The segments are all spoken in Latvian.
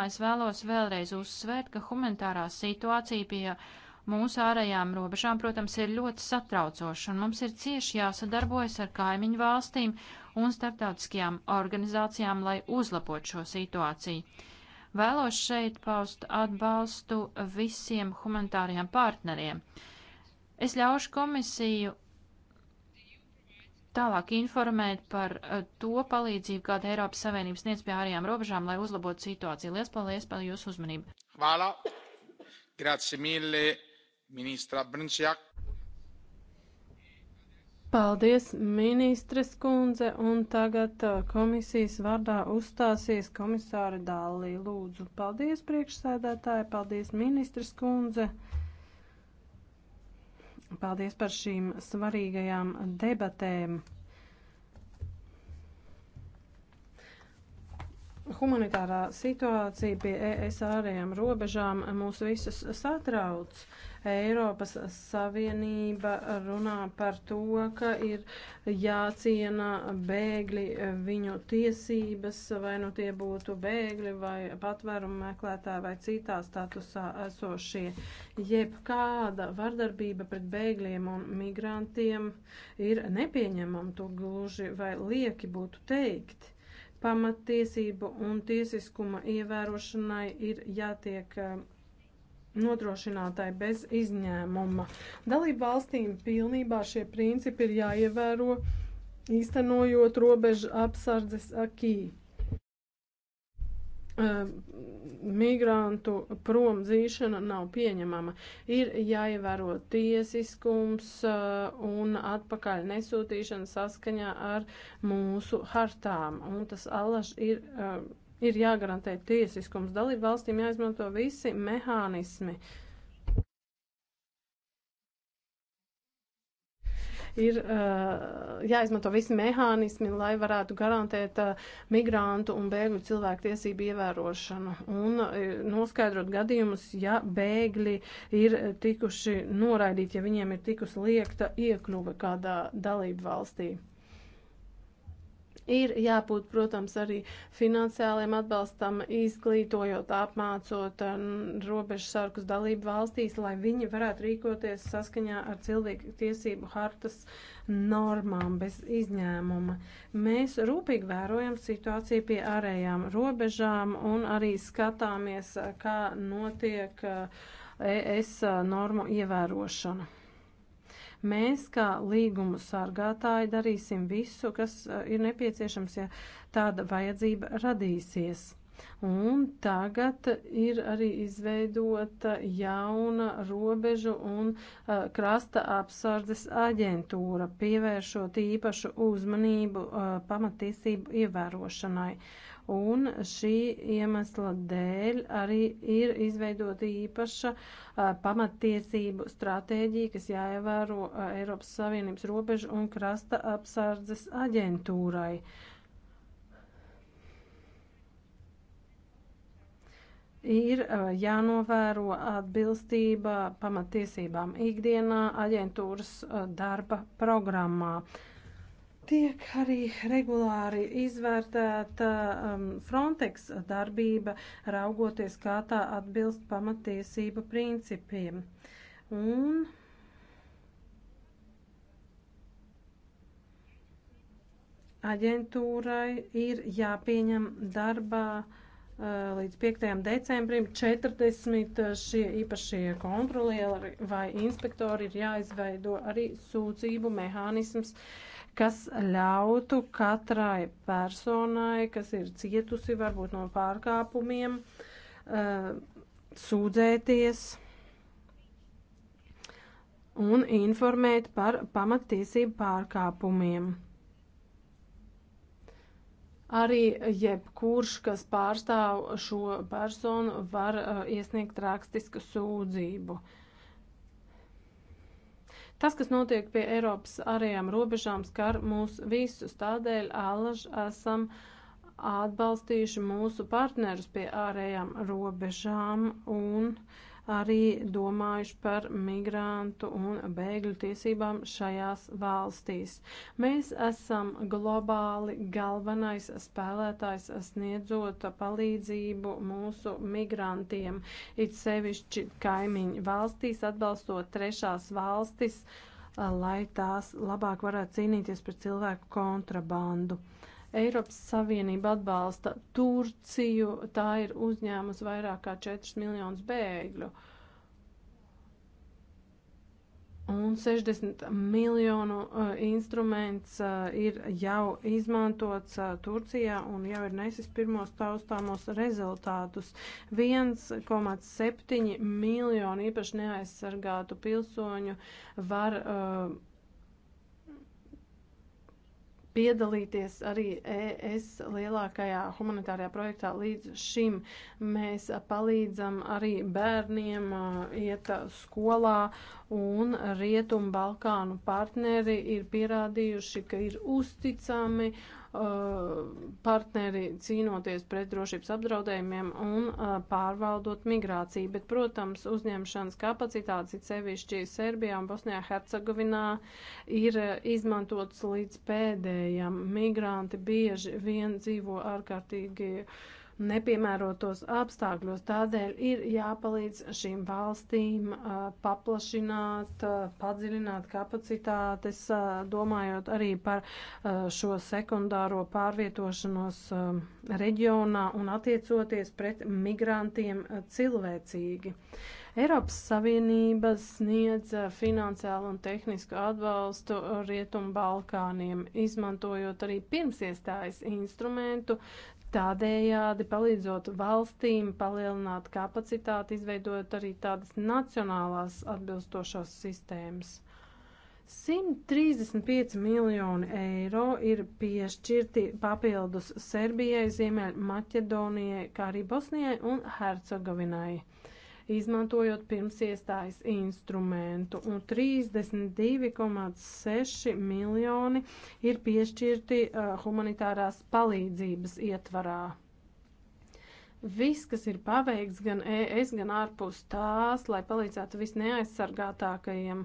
Es vēlos vēlreiz uzsvērt, ka humanitārā situācija pie mūsu ārējām robežām, protams, ir ļoti satraucoša, un mums ir cieši jāsadarbojas ar kaimiņu valstīm un starptautiskajām organizācijām, lai uzlabotu šo situāciju. Vēlos šeit paust atbalstu visiem humanitāriem partneriem. Es ļaušu komisiju tālāk informēt par eh, to palīdzību, kāda Eiropas Savienības sniedz pie ārējām robežām, lai uzlabotu situāciju. Lielas paldies par jūsu uzmanību. Vālā. Grazie mille, ministra Brunčjak. Paldies, ministres kundze, un tagad eh, komisijas vārdā uzstāsies komisāra Dālī. Lūdzu, paldies priekšsēdētāji, paldies, ministres kundze. Paldies par šīm svarīgajām debatēm. Humanitārā situācija pie ES ārējām robežām mūs visus satrauc. Uh, Eiropas Savienība runā par to, ka ir jāciena bēgļi viņu tiesības, vai nu tie būtu bēgļi vai patvērumu meklētāji vai citā statusā esošie. Jebkāda vardarbība pret bēgļiem un migrantiem ir nepieņemama, to gluži vai lieki būtu teikt pamattiesību un tiesiskuma ievērošanai ir jātiek nodrošinātai bez izņēmuma. Dalību valstīm pilnībā šie principi ir jāievēro, īstenojot robežu apsardzes akī. Migrantu prom dzīšana nav pieņemama. Ir jāievēro tiesiskums un atpakaļ nesūtīšana saskaņā ar mūsu hartām, un tas allaž ir ir jāgarantē tiesiskums. Dalību valstīm jāizmanto visi mehānismi. Ir uh, jāizmanto visi mehānismi, lai varētu garantēt uh, migrantu un bēgļu cilvēku tiesību ievērošanu un uh, noskaidrot gadījumus, ja bēgļi ir tikuši noraidīti, ja viņiem ir tikusi liekta iekļuve kādā dalību valstī. Ir jābūt, protams, arī finansiāliem atbalstam, izglītojot, apmācot um, robežsargus dalību valstīs, lai viņi varētu rīkoties saskaņā ar cilvēku tiesību hartas normām bez izņēmuma. Mēs rūpīgi vērojam situāciju pie ārējām robežām un arī skatāmies, kā notiek uh, ES uh, normu ievērošana. Mēs, kā līgumu sargātāji, darīsim visu, kas e, ir nepieciešams, ja tāda vajadzība radīsies. Un tagad ir arī izveidota jauna robežu un uh, krasta apsardzes aģentūra, pievēršot īpašu uzmanību uh, pamatiesību ievērošanai. Uh, un šī iemesla dēļ arī ir izveidota īpaša pamattiesību stratēģija, kas jāievēro Eiropas Savienības robežu un krasta apsardzes aģentūrai. ir jānovēro atbilstība pamatiesībām ikdienā aģentūras darba programmā. Tiek arī regulāri izvērtēta um, Frontex darbība, raugoties, kā tā atbilst pamatiesība principiem. Un aģentūrai ir jāpieņem darbā uh, līdz 5. decembrim 40 uh, šie īpašie kontrolieri vai inspektori ir jāizveido arī sūdzību mehānisms. Uh, kas ļautu katrai personai, kas ir cietusi varbūt no pārkāpumiem, eh, sūdzēties un informēt par pamatiesību pārkāpumiem. Arī jebkurš, kas pārstāv šo personu, var uh, iesniegt rakstisku sūdzību. Uh, Tas, kas notiek pie Eiropas arējām robežām, skar mūs visus. Tādēļ allaž esam atbalstījuši mūsu partnerus pie ārējām robežām un uh, arī domājuši par migrantu un bēgļu tiesībām šajās valstīs. Mēs esam globāli galvenais spēlētājs sniedzot palīdzību mūsu migrantiem, it sevišķi kaimiņu valstīs, atbalstot trešās valstis, lai tās labāk varētu cīnīties par cilvēku kontrabandu. Eiropas Savienība atbalsta Turciju, tā ir uzņēmusi vairāk kā 4 miljonus bēgļu. Un 60 miljonu uh, instruments uh, ir jau izmantots uh, Turcijā un jau ir nesis pirmos taustāmos rezultātus. 1,7 miljonu īpaši neaizsargātu pilsoņu var. Uh, piedalīties arī ES lielākajā humanitārajā projektā līdz šim. Mēs palīdzam arī bērniem iet skolā un Rietumu Balkānu partneri ir pierādījuši, ka ir uzticami uh, Uh, partneri cīnoties pret drošības apdraudējumiem un uh, pārvaldot migrāciju. Bet, protams, uzņemšanas kapacitātes, it sevišķi Serbijā un Bosnijā Hercegovinā, ir uh, izmantotas līdz pēdējam. Migranti bieži vien dzīvo ārkārtīgi uh, nepiemērotos apstākļos. Tādēļ ir jāpalīdz šīm valstīm paplašināt, padziļināt kapacitātes, domājot arī par šo sekundāro pārvietošanos reģionā un attiecoties pret migrantiem cilvēcīgi. Eiropas Savienība sniedz finansiālu un tehnisku atbalstu Rietumu Balkāniem, izmantojot arī pirmsiestājas instrumentu, Tādējādi palīdzot valstīm palielināt kapacitāti, izveidojot arī tādas nacionālās atbilstošās sistēmas. 135 miljoni eiro ir piešķirti papildus Serbijai, Ziemeļ Maķedonijai, kā arī Bosnijai un Hercegovinai izmantojot pirms iestājas instrumentu, un 32,6 miljoni ir piešķirti uh, humanitārās palīdzības ietvarā. Viss, kas ir paveikts gan ES, gan ārpus tās, lai palīdzētu visneaizsargātākajiem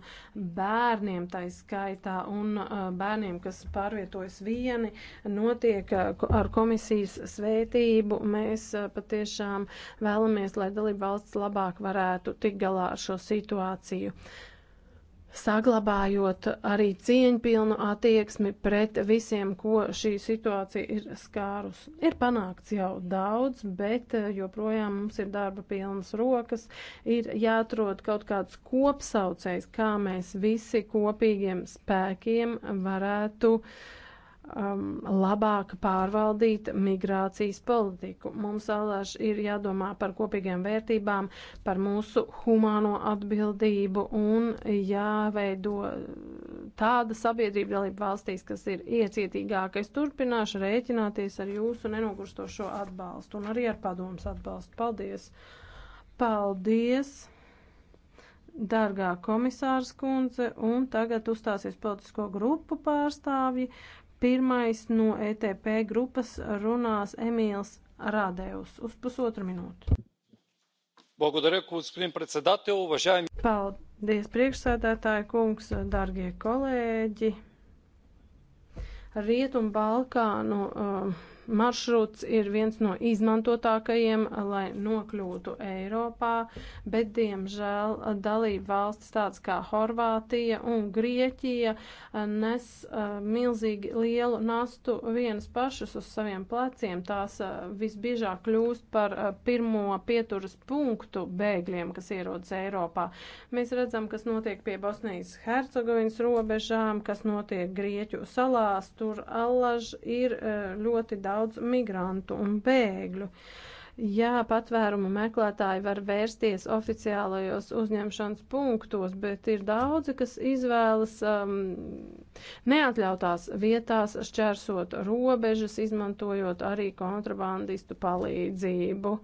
bērniem, tā skaitā, un uh, bērniem, kas pārvietojas vieni, notiek uh, ar komisijas svētību. Mēs uh, patiešām vēlamies, lai dalība valsts labāk varētu tik galā ar šo situāciju. Uh, saglabājot arī cieņpilnu attieksmi pret visiem, ko šī situācija ir skārus. Ir panākts jau daudz, bet eh, joprojām mums ir darba pilnas rokas, ir jāatrod kaut kāds kopsaucējs, kā mēs visi kopīgiem spēkiem varētu uh, um, labāk pārvaldīt migrācijas politiku. Mums alāž ir jādomā par kopīgiem vērtībām, par mūsu humāno atbildību un jāveido tāda sabiedrība dalība valstīs, kas ir iecietīgāka. Es turpināšu rēķināties ar jūsu nenogurstošo atbalstu un arī ar padomus atbalstu. Paldies! Paldies! Dargā komisārs kundze, un tagad uzstāsies politisko grupu pārstāvji. Pirmais no ETP grupas runās Emīls Rādējus uz pusotru minūtu. Благодаря, господин председател, уважаеми. Paldies, priekšsēdētāji kungs, dargie kolēģi. Rietumbalkānu. Uh, maršruts ir viens no izmantotākajiem, lai nokļūtu Eiropā, bet, diemžēl, dalība valstis tāds kā Horvātija un Grieķija eh, nes uh, milzīgi lielu nastu vienas pašas uz saviem pleciem. Tās uh, visbiežāk kļūst par uh, pirmo pieturas punktu bēgļiem, kas ierodas Eiropā. Mēs redzam, kas notiek pie Bosnijas Hercegovinas robežām, kas notiek Grieķu salās. Tur allaž ir ļoti daudz daudz migrantu un bēgļu. Jā, patvērumu meklētāji var vērsties oficiālajos uzņemšanas punktos, bet ir daudzi, kas izvēlas um, neatļautās vietās šķērsot robežas, izmantojot arī kontrabandistu palīdzību.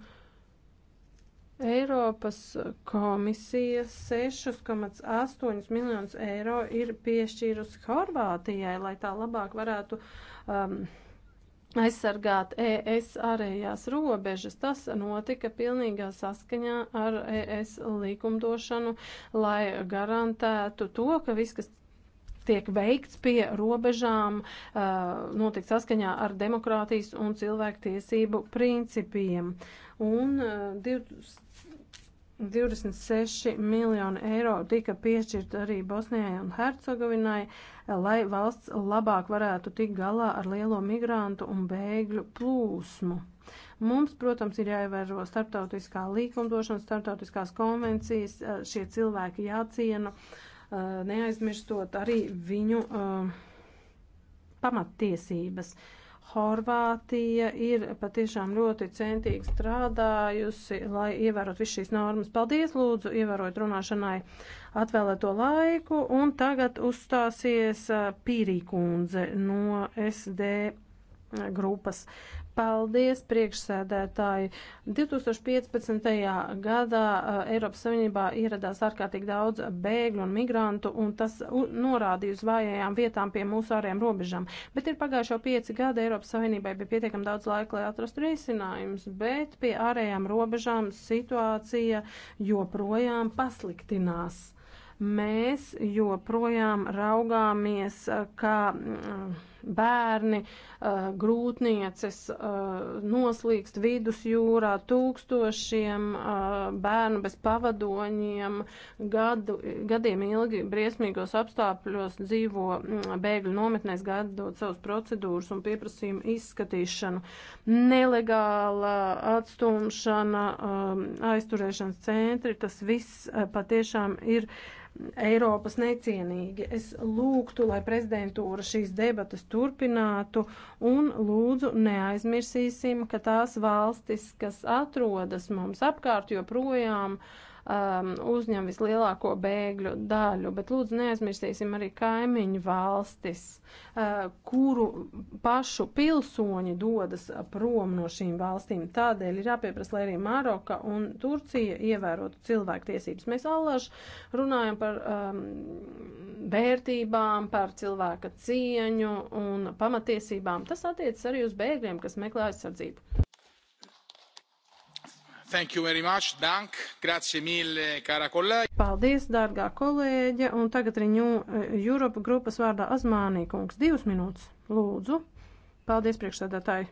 Eiropas komisija 6,8 miljonus eiro ir piešķīrusi Horvātijai, lai tā labāk varētu um, aizsargāt ES ārējās robežas. Tas notika pilnīgā saskaņā ar ES likumdošanu, lai garantētu to, ka viss, kas tiek veikts pie robežām, uh, notiek saskaņā ar demokrātijas un cilvēktiesību principiem. Un uh, 26 miljoni eiro tika piešķirt arī Bosnijai un Hercegovinai, lai valsts labāk varētu tikt galā ar lielo migrantu un bēgļu plūsmu. Mums, protams, ir jāievēro starptautiskā līkumdošana, starptautiskās konvencijas, eh, šie cilvēki jāciena, eh, neaizmirstot arī viņu eh, pamattiesības. Uh, Horvātija ir patiešām ļoti centīgi strādājusi, lai ievērot visu šīs normas. Paldies, lūdzu, ievērot runāšanai atvēlēto laiku, un tagad uzstāsies eh, Pīrī kundze no SD grupas. Paldies, priekšsēdētāji. 2015. gadā uh, Eiropas Savienībā ieradās ārkārtīgi daudz bēgļu un migrantu, un tas norādīja uz vājajām vietām pie mūsu ārējām robežām. Bet ir pagājuši jau pieci gadi, Eiropas Savienībai bija pietiekami daudz laika, lai atrastu risinājumus, bet pie ārējām robežām situācija joprojām pasliktinās. Mēs joprojām raugāmies, uh, kā. Mm, bērni, uh, grūtnieces uh, noslīkst vidusjūrā, tūkstošiem uh, bērnu bez pavadoņiem gadu, gadiem ilgi briesmīgos apstākļos dzīvo mm, bēgļu nometnēs, gaidot savus procedūras un pieprasījumu izskatīšanu. Nelegāla atstumšana, um, aizturēšanas centri, tas viss patiešām ir Eiropas necienīgi. Es lūgtu, lai prezidentūra šīs debatas turpinātu un lūdzu neaizmirsīsim, ka tās valstis, kas atrodas mums apkārt, joprojām uh, um, uzņem vislielāko bēgļu daļu, bet lūdzu neaizmirsīsim arī kaimiņu valstis, uh, kuru pašu pilsoņi dodas prom no šīm valstīm. Tādēļ ir jāpieprasa, lai arī Maroka un Turcija ievērotu cilvēktiesības. Mēs allaž runājam par um, vērtībām, par cilvēka cieņu un pamatiesībām. Tas attiecas arī uz bēgļiem, kas meklē aizsardzību. Mille, Paldies, dārgā kolēģe, un tagad riņu e, Europa grupas vārdā Azmānī kungs. Divas minūtes, lūdzu. Paldies, priekšsēdētāji.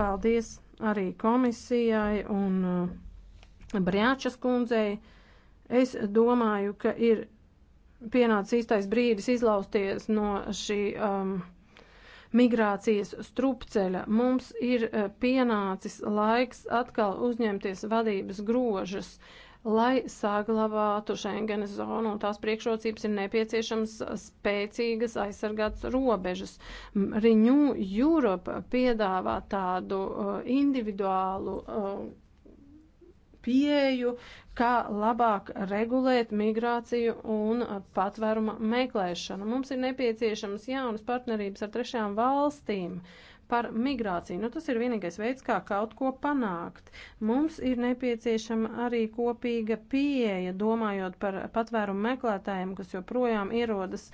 Paldies arī komisijai un e, Brjāčas kundzei. Es domāju, ka ir pienācis īstais brīdis izlausties no šī. Um, migrācijas strupceļa. Mums ir e, pienācis laiks atkal uzņemties vadības grožas. Lai saglabātu Schengenes zonu un tās priekšrocības, ir nepieciešams spēcīgas aizsargātas robežas. Renew Europe piedāvā tādu uh, individuālu uh, pieeju, kā labāk regulēt migrāciju un patvēruma meklēšanu. Mums ir nepieciešamas jaunas partnerības ar trešām valstīm. Uh, par migrāciju. Nu, tas ir vienīgais veids, kā kaut ko panākt. Mums ir nepieciešama arī kopīga pieeja, domājot par patvērumu meklētājiem, kas joprojām ierodas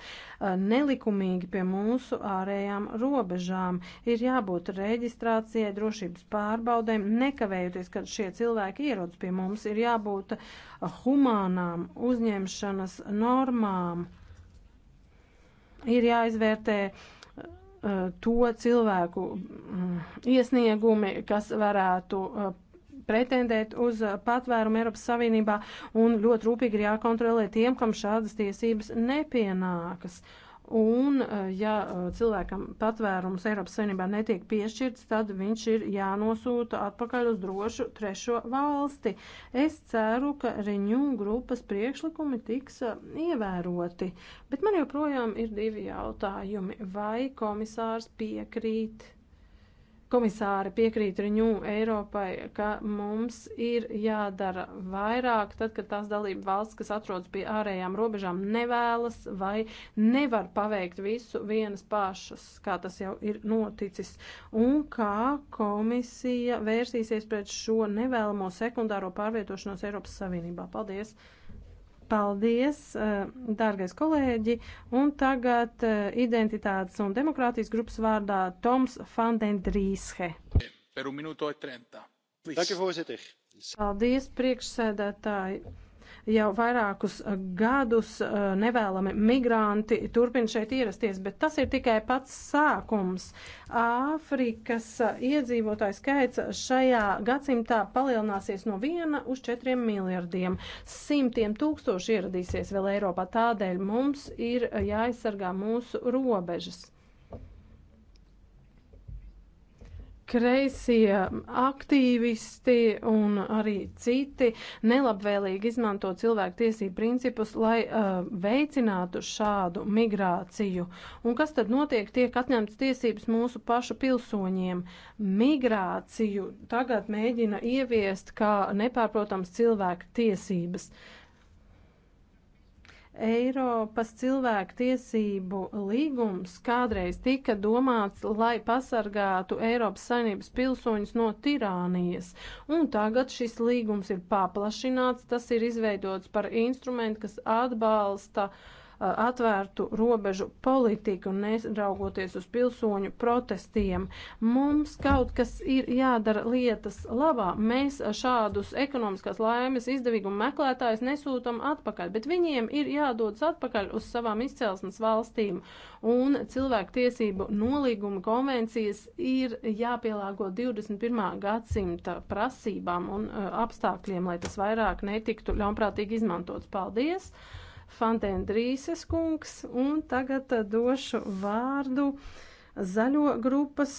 nelikumīgi pie mūsu ārējām robežām. Ir jābūt reģistrācijai, drošības pārbaudēm, nekavējoties, kad šie cilvēki ierodas pie mums. Ir jābūt humānām uzņemšanas normām. Ir jāizvērtē uh, Uh, to cilvēku mm, iesniegumi, kas varētu uh, pretendēt uz uh, patvērumu Eiropas Savienībā, un ļoti rūpīgi ir jākontrolē tiem, kam šādas tiesības nepienākas. Uh, Un, eh, ja eh, cilvēkam patvērums Eiropas Savienībā netiek piešķirts, tad viņš ir jānosūta atpakaļ uz drošu trešo valsti. Es ceru, ka Reņū grupas priekšlikumi tiks eh, ievēroti, bet man joprojām ir divi jautājumi. Vai komisārs piekrīt? komisāri piekrīt riņu Eiropai, ka mums ir jādara vairāk, tad, kad tās dalība valsts, kas atrodas pie ārējām robežām, nevēlas vai nevar paveikt visu vienas pašas, kā tas jau ir noticis, un kā komisija vērsīsies pret šo nevēlamo sekundāro pārvietošanos Eiropas Savienībā. Paldies! Paldies, eh, dārgais kolēģi, un tagad eh, identitātes un demokrātijas grupas vārdā Toms Fandendrīshe. Per un minūto 30. E Paldies, priekšsēdētāji. Jau vairākus eh, gadus eh, nevēlami migranti turpina šeit ierasties, bet tas ir tikai pats sākums. Āfrikas eh, iedzīvotāju skaits šajā gadsimtā palielināsies no viena uz četriem miljardiem. Simtiem tūkstoši ieradīsies vēl Eiropā. Tādēļ mums ir jāaizsargā mūsu robežas. kreisie aktīvisti un arī citi nelabvēlīgi izmanto cilvēku tiesību principus, lai uh, veicinātu šādu migrāciju. Un kas tad notiek? Tiek atņemtas tiesības mūsu pašu pilsoņiem. Migrāciju tagad mēģina ieviest kā nepārprotams cilvēku tiesības. Uh, Eiropas cilvēku tiesību līgums kādreiz tika domāts, lai pasargātu Eiropas saimnības pilsoņus no tirānijas, un tagad šis līgums ir paplašināts, tas ir izveidots par instrumentu, kas atbalsta uh, atvērtu robežu politiku, neraugoties uz pilsoņu protestiem. Mums kaut kas ir jādara lietas labā. Mēs šādus ekonomiskās laimes izdevīgumu meklētājus nesūtam atpakaļ, bet viņiem ir jādodas atpakaļ uz savām izcelsmes valstīm. Un cilvēktiesību nolīguma konvencijas ir jāpielāgo 21. gadsimta prasībām un apstākļiem, lai tas vairāk netiktu ļaunprātīgi izmantots. Paldies! Fantendrīses kungs, un tagad došu vārdu zaļo grupas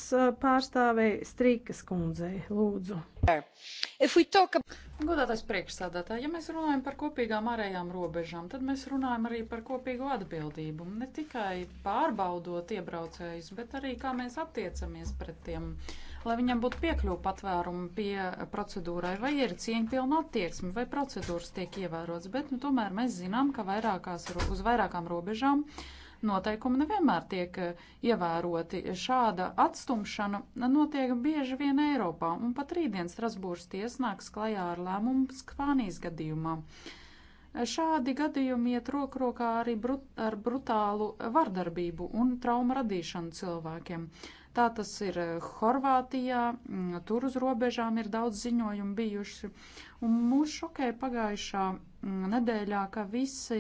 pārstāvēji Strīkas kundzei. Lūdzu. Talk... Godātais priekšsādātāji, ja mēs runājam par kopīgām ārējām robežām, tad mēs runājam arī par kopīgo atbildību. Ne tikai pārbaudot iebraucējus, bet arī kā mēs attiecamies pret tiem. Uh, lai viņam būtu piekļuva patvērumu pie procedūrai, vai ir cieņpilna attieksme, vai procedūras tiek ievērotas. Bet nu, tomēr mēs zinām, ka vairākās, uz vairākām robežām noteikumi nevienmēr tiek eh, ievēroti. Šāda atstumšana notiek bieži vien Eiropā, un pat rītdien Strasbūras tiesnāks klajā ar lēmumu Skvānijas gadījumā. Šādi gadījumi iet roku rokā arī brut, ar brutālu vardarbību un traumu radīšanu cilvēkiem. Tā tas ir eh, Horvātijā, mm, tur uz robežām ir daudz ziņojumu bijuši. Un mūs šokēja pagājušā mm, nedēļā, ka visi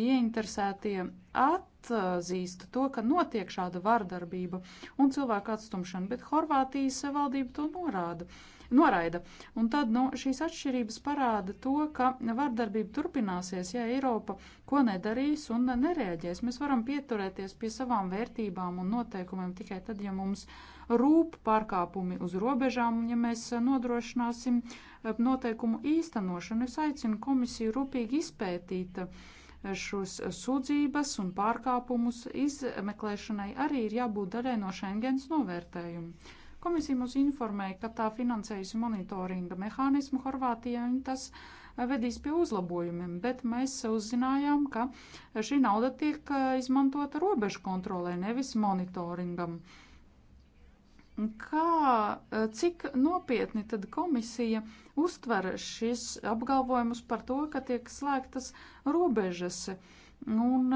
ieinteresētie atzīst to, ka notiek šāda vardarbība un cilvēku atstumšana, bet Horvātijas valdība to norāda. Uh, noraida. Un tad nu, šīs atšķirības parāda to, ka vardarbība turpināsies, ja Eiropa ko nedarīs un nereaģēs. Mēs varam pieturēties pie savām vērtībām un noteikumiem tikai tad, ja mums rūp pārkāpumi uz robežām, ja mēs nodrošināsim eh, noteikumu īstenošanu. Es aicinu komisiju rūpīgi izpētīt eh, šos sūdzības un pārkāpumus izmeklēšanai arī ir jābūt daļai no Schengens novērtējuma. Komisija mūs informēja, ka tā finansējusi monitoringa mehānismu Horvātijai un tas eh, vedīs pie uzlabojumiem, bet mēs uzzinājām, ka šī nauda tiek eh, izmantota robežu kontrolē, nevis monitoringam. Kā, eh, cik nopietni tad komisija uztver šis apgalvojumus par to, ka tiek slēgtas robežas? Un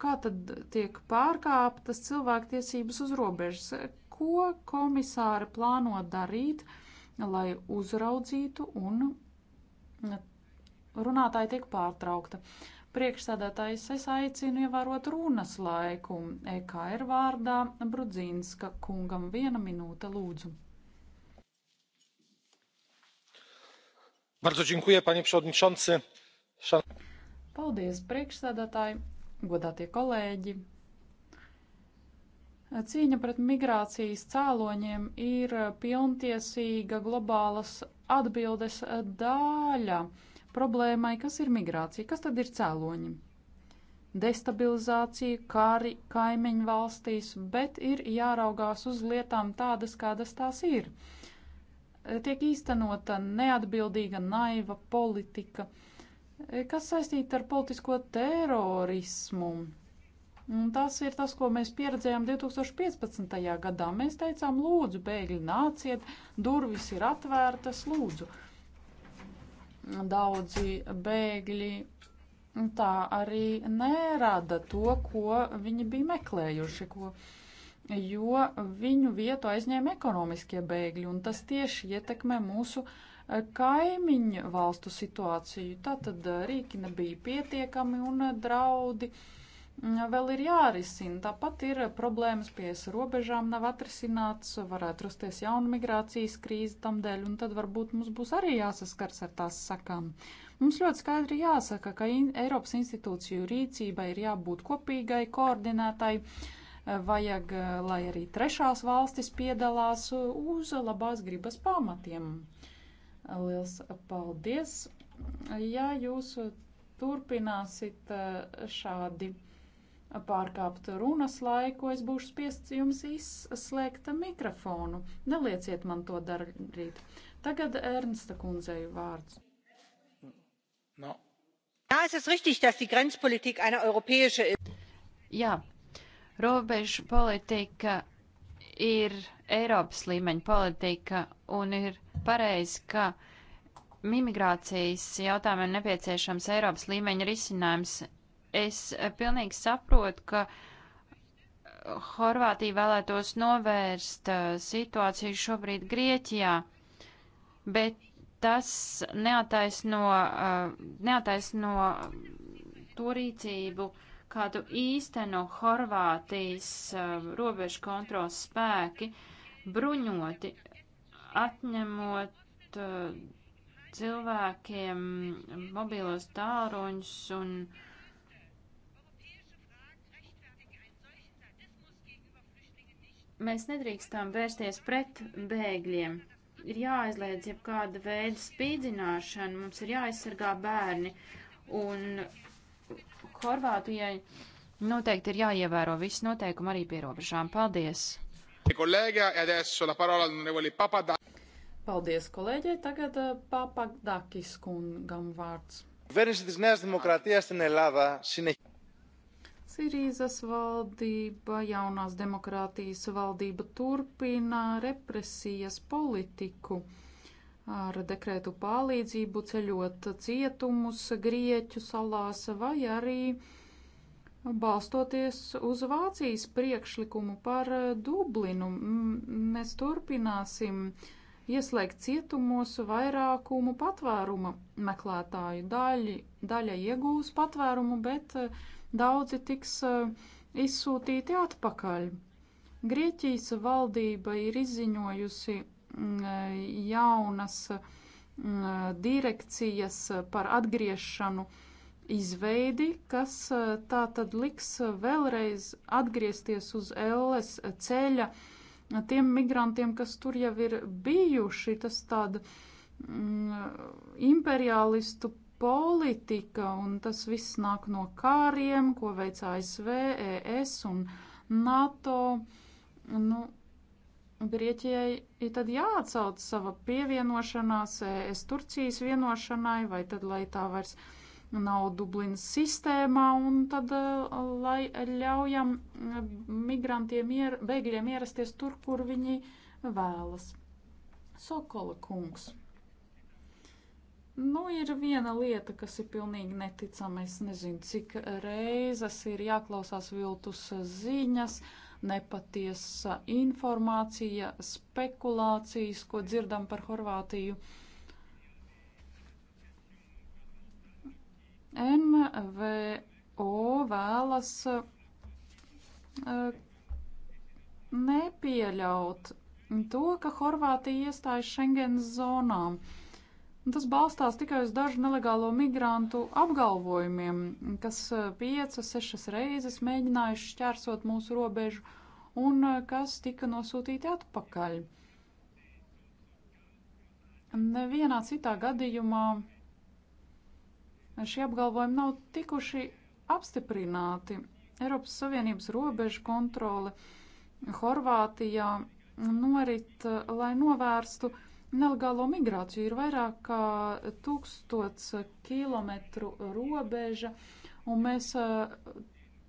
kā tad tiek pārkāptas cilvēktiesības uz robežas? ko komisāra plāno darīt, lai uzraudzītu un runātāji tiek pārtraukta. Priekšsēdētājs es aicinu ievērot runas laiku. EKR vārdā Brudzīnska kungam viena minūte lūdzu. Bardzo dziękuję, panie przewodniczący. Paldies, priekšsēdētāji, godātie kolēģi, Cīņa pret migrācijas cēloņiem ir pilntiesīga globālas atbildes daļa problēmai, kas ir migrācija. Kas tad ir cēloņi? Destabilizācija, kari kaimiņu valstīs, bet ir jāraugās uz lietām tādas, kādas tās ir. Tiek īstenota neatbildīga, naiva politika, kas saistīta ar politisko terorismu Un tas ir tas, ko mēs pieredzējām 2015. gadā. Mēs teicām, lūdzu, bēgļi nāciet, durvis ir atvērtas, lūdzu. Daudzi bēgļi tā arī nerada to, ko viņi bija meklējuši, ko, jo viņu vietu aizņēma ekonomiskie bēgļi, un tas tieši ietekmē mūsu eh, kaimiņu valstu situāciju. Tātad eh, rīki nebija pietiekami un eh, draudi. Uh, vēl ir jārisina. Tāpat ir problēmas pie robežām, nav atrisināts, varētu rasties jauna migrācijas krīze tam dēļ, un tad varbūt mums būs arī jāsaskars ar tās sakām. Mums ļoti skaidri jāsaka, ka in Eiropas institūciju rīcībai ir jābūt kopīgai, koordinētai, vajag, lai arī trešās valstis piedalās uz labās gribas pamatiem. Liels paldies! Ja jūs turpināsit eh, šādi pārkāpt runas laiku, es būšu spiests jums izslēgt mikrofonu. Nelieciet man to darīt. Tagad Ernsta kundzei vārds. No. Jā, es esmu richtig, dass die Grenzpolitik eine europäische ist. Jā, robežu politika ir Eiropas līmeņa politika un ir pareizi, ka imigrācijas jautājumiem nepieciešams Eiropas līmeņa risinājums. Es eh, pilnīgi saprotu, ka eh, Horvātija vēlētos novērst eh, situāciju šobrīd Grieķijā, bet tas neataisno, neataisno to rīcību, kādu īsteno Horvātijas robežu kontrols spēki bruņoti, atņemot cilvēkiem mobilos tāruņus un uh, Mēs nedrīkstām vērsties pret bēgļiem. Ir jāaizliedz jebkāda veida spīdzināšana, mums ir jāaizsargā bērni. Un Horvātijai noteikti ir jāievēro visi noteikumi arī pie robežām. Paldies! Paldies, kolēģi! Tagad eh, Papadakis kungam vārds. Κυβέρνηση της Νέας Δημοκρατίας στην Ελλάδα συνεχίζει Sirīzas valdība, jaunās demokrātijas valdība turpina represijas politiku ar dekrētu palīdzību ceļot cietumus Grieķu salās vai arī balstoties uz Vācijas priekšlikumu par Dublinu. Mēs turpināsim ieslēgt cietumos vairākumu patvēruma meklētāju. Daļi, daļa iegūs patvērumu, bet daudzi tiks eh, izsūtīti atpakaļ. Grieķijas valdība ir izziņojusi mm, eh, jaunas mm, eh, direkcijas par atgriešanu izveidi, kas tā tad liks vēlreiz atgriezties uz Elles ceļa tiem migrantiem, kas tur jau ir bijuši. Tas tāda mm, imperialistu politika, un tas viss nāk no kāriem, ko veic ASV, ES un NATO. Nu, Grieķijai tad jāatcauc sava pievienošanās ES Turcijas vienošanai, vai tad, lai tā vairs nav Dublinas sistēmā, un tad, lai ļaujam migrantiem, ier, bēgļiem ierasties tur, kur viņi vēlas. Sokola kungs. Nu, ir viena lieta, kas ir pilnīgi neticama. Es nezinu, cik reizes ir jāklausās viltus ziņas, nepatiesa informācija, spekulācijas, ko dzirdam par Horvātiju. NVO vēlas eh, nepieļaut to, ka Horvātija iestājas Schengen zonām. Uh, Tas balstās tikai uz dažu nelegālo migrantu apgalvojumiem, kas eh, piecas, sešas reizes mēģinājuši šķērsot mūsu robežu un eh, kas tika nosūtīti atpakaļ. Nevienā citā gadījumā šie apgalvojumi nav tikuši apstiprināti. Eiropas Savienības robežu kontrole Horvātijā norit, eh, lai novērstu uh, Nelegālo migrāciju ir vairāk kā tūkstots kilometru robeža, un mēs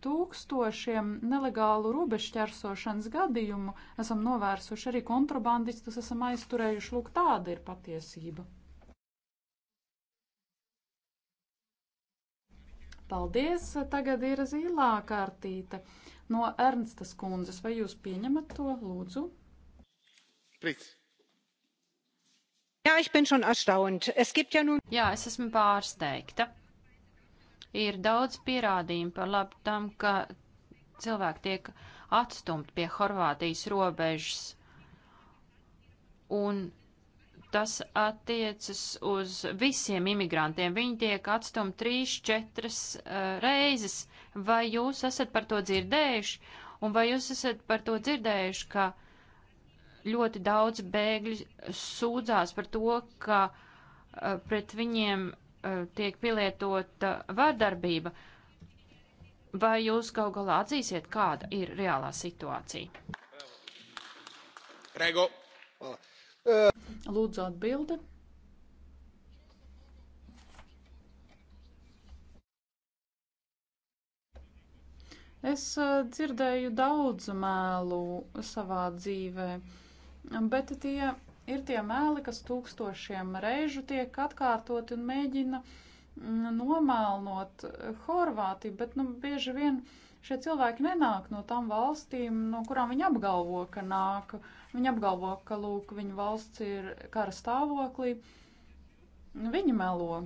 tūkstošiem nelegālu robežu ķersošanas gadījumu esam novērsuši arī kontrabandistus, esam aizturējuši. Lūk, tāda ir patiesība. Paldies! Tagad ir zilā kārtīte no Ernstas kundzes. Vai jūs pieņemat to, lūdzu? Prīts. Jā, es bin schon erstaunt. Es gibt ja nun. Jā, es esmu pārsteigta. Ir daudz pierādījumu par labu tam, ka cilvēki tiek atstumti pie Horvātijas robežas. Un tas attiecas uz visiem imigrantiem. Viņi tiek atstumti trīs, četras uh, reizes. Vai jūs esat par to dzirdējuši? Un vai jūs esat par to dzirdējuši, ka ļoti daudz bēgļu sūdzās par to, ka uh, pret viņiem uh, tiek pielietota vardarbība. Vai jūs kaut galā atzīsiet, kāda ir reālā situācija? Prego. Lūdzu atbildi. Es eh, dzirdēju daudz mēlu savā dzīvē bet tie ir tie mēli, kas tūkstošiem reižu tiek atkārtoti un mēģina mm, nomēlnot Horvātiju, bet nu, bieži vien šie cilvēki nenāk no tām valstīm, no kurām viņi apgalvo, ka nāk. Viņi apgalvo, ka lūk, viņu valsts ir kara stāvoklī. Viņi melo.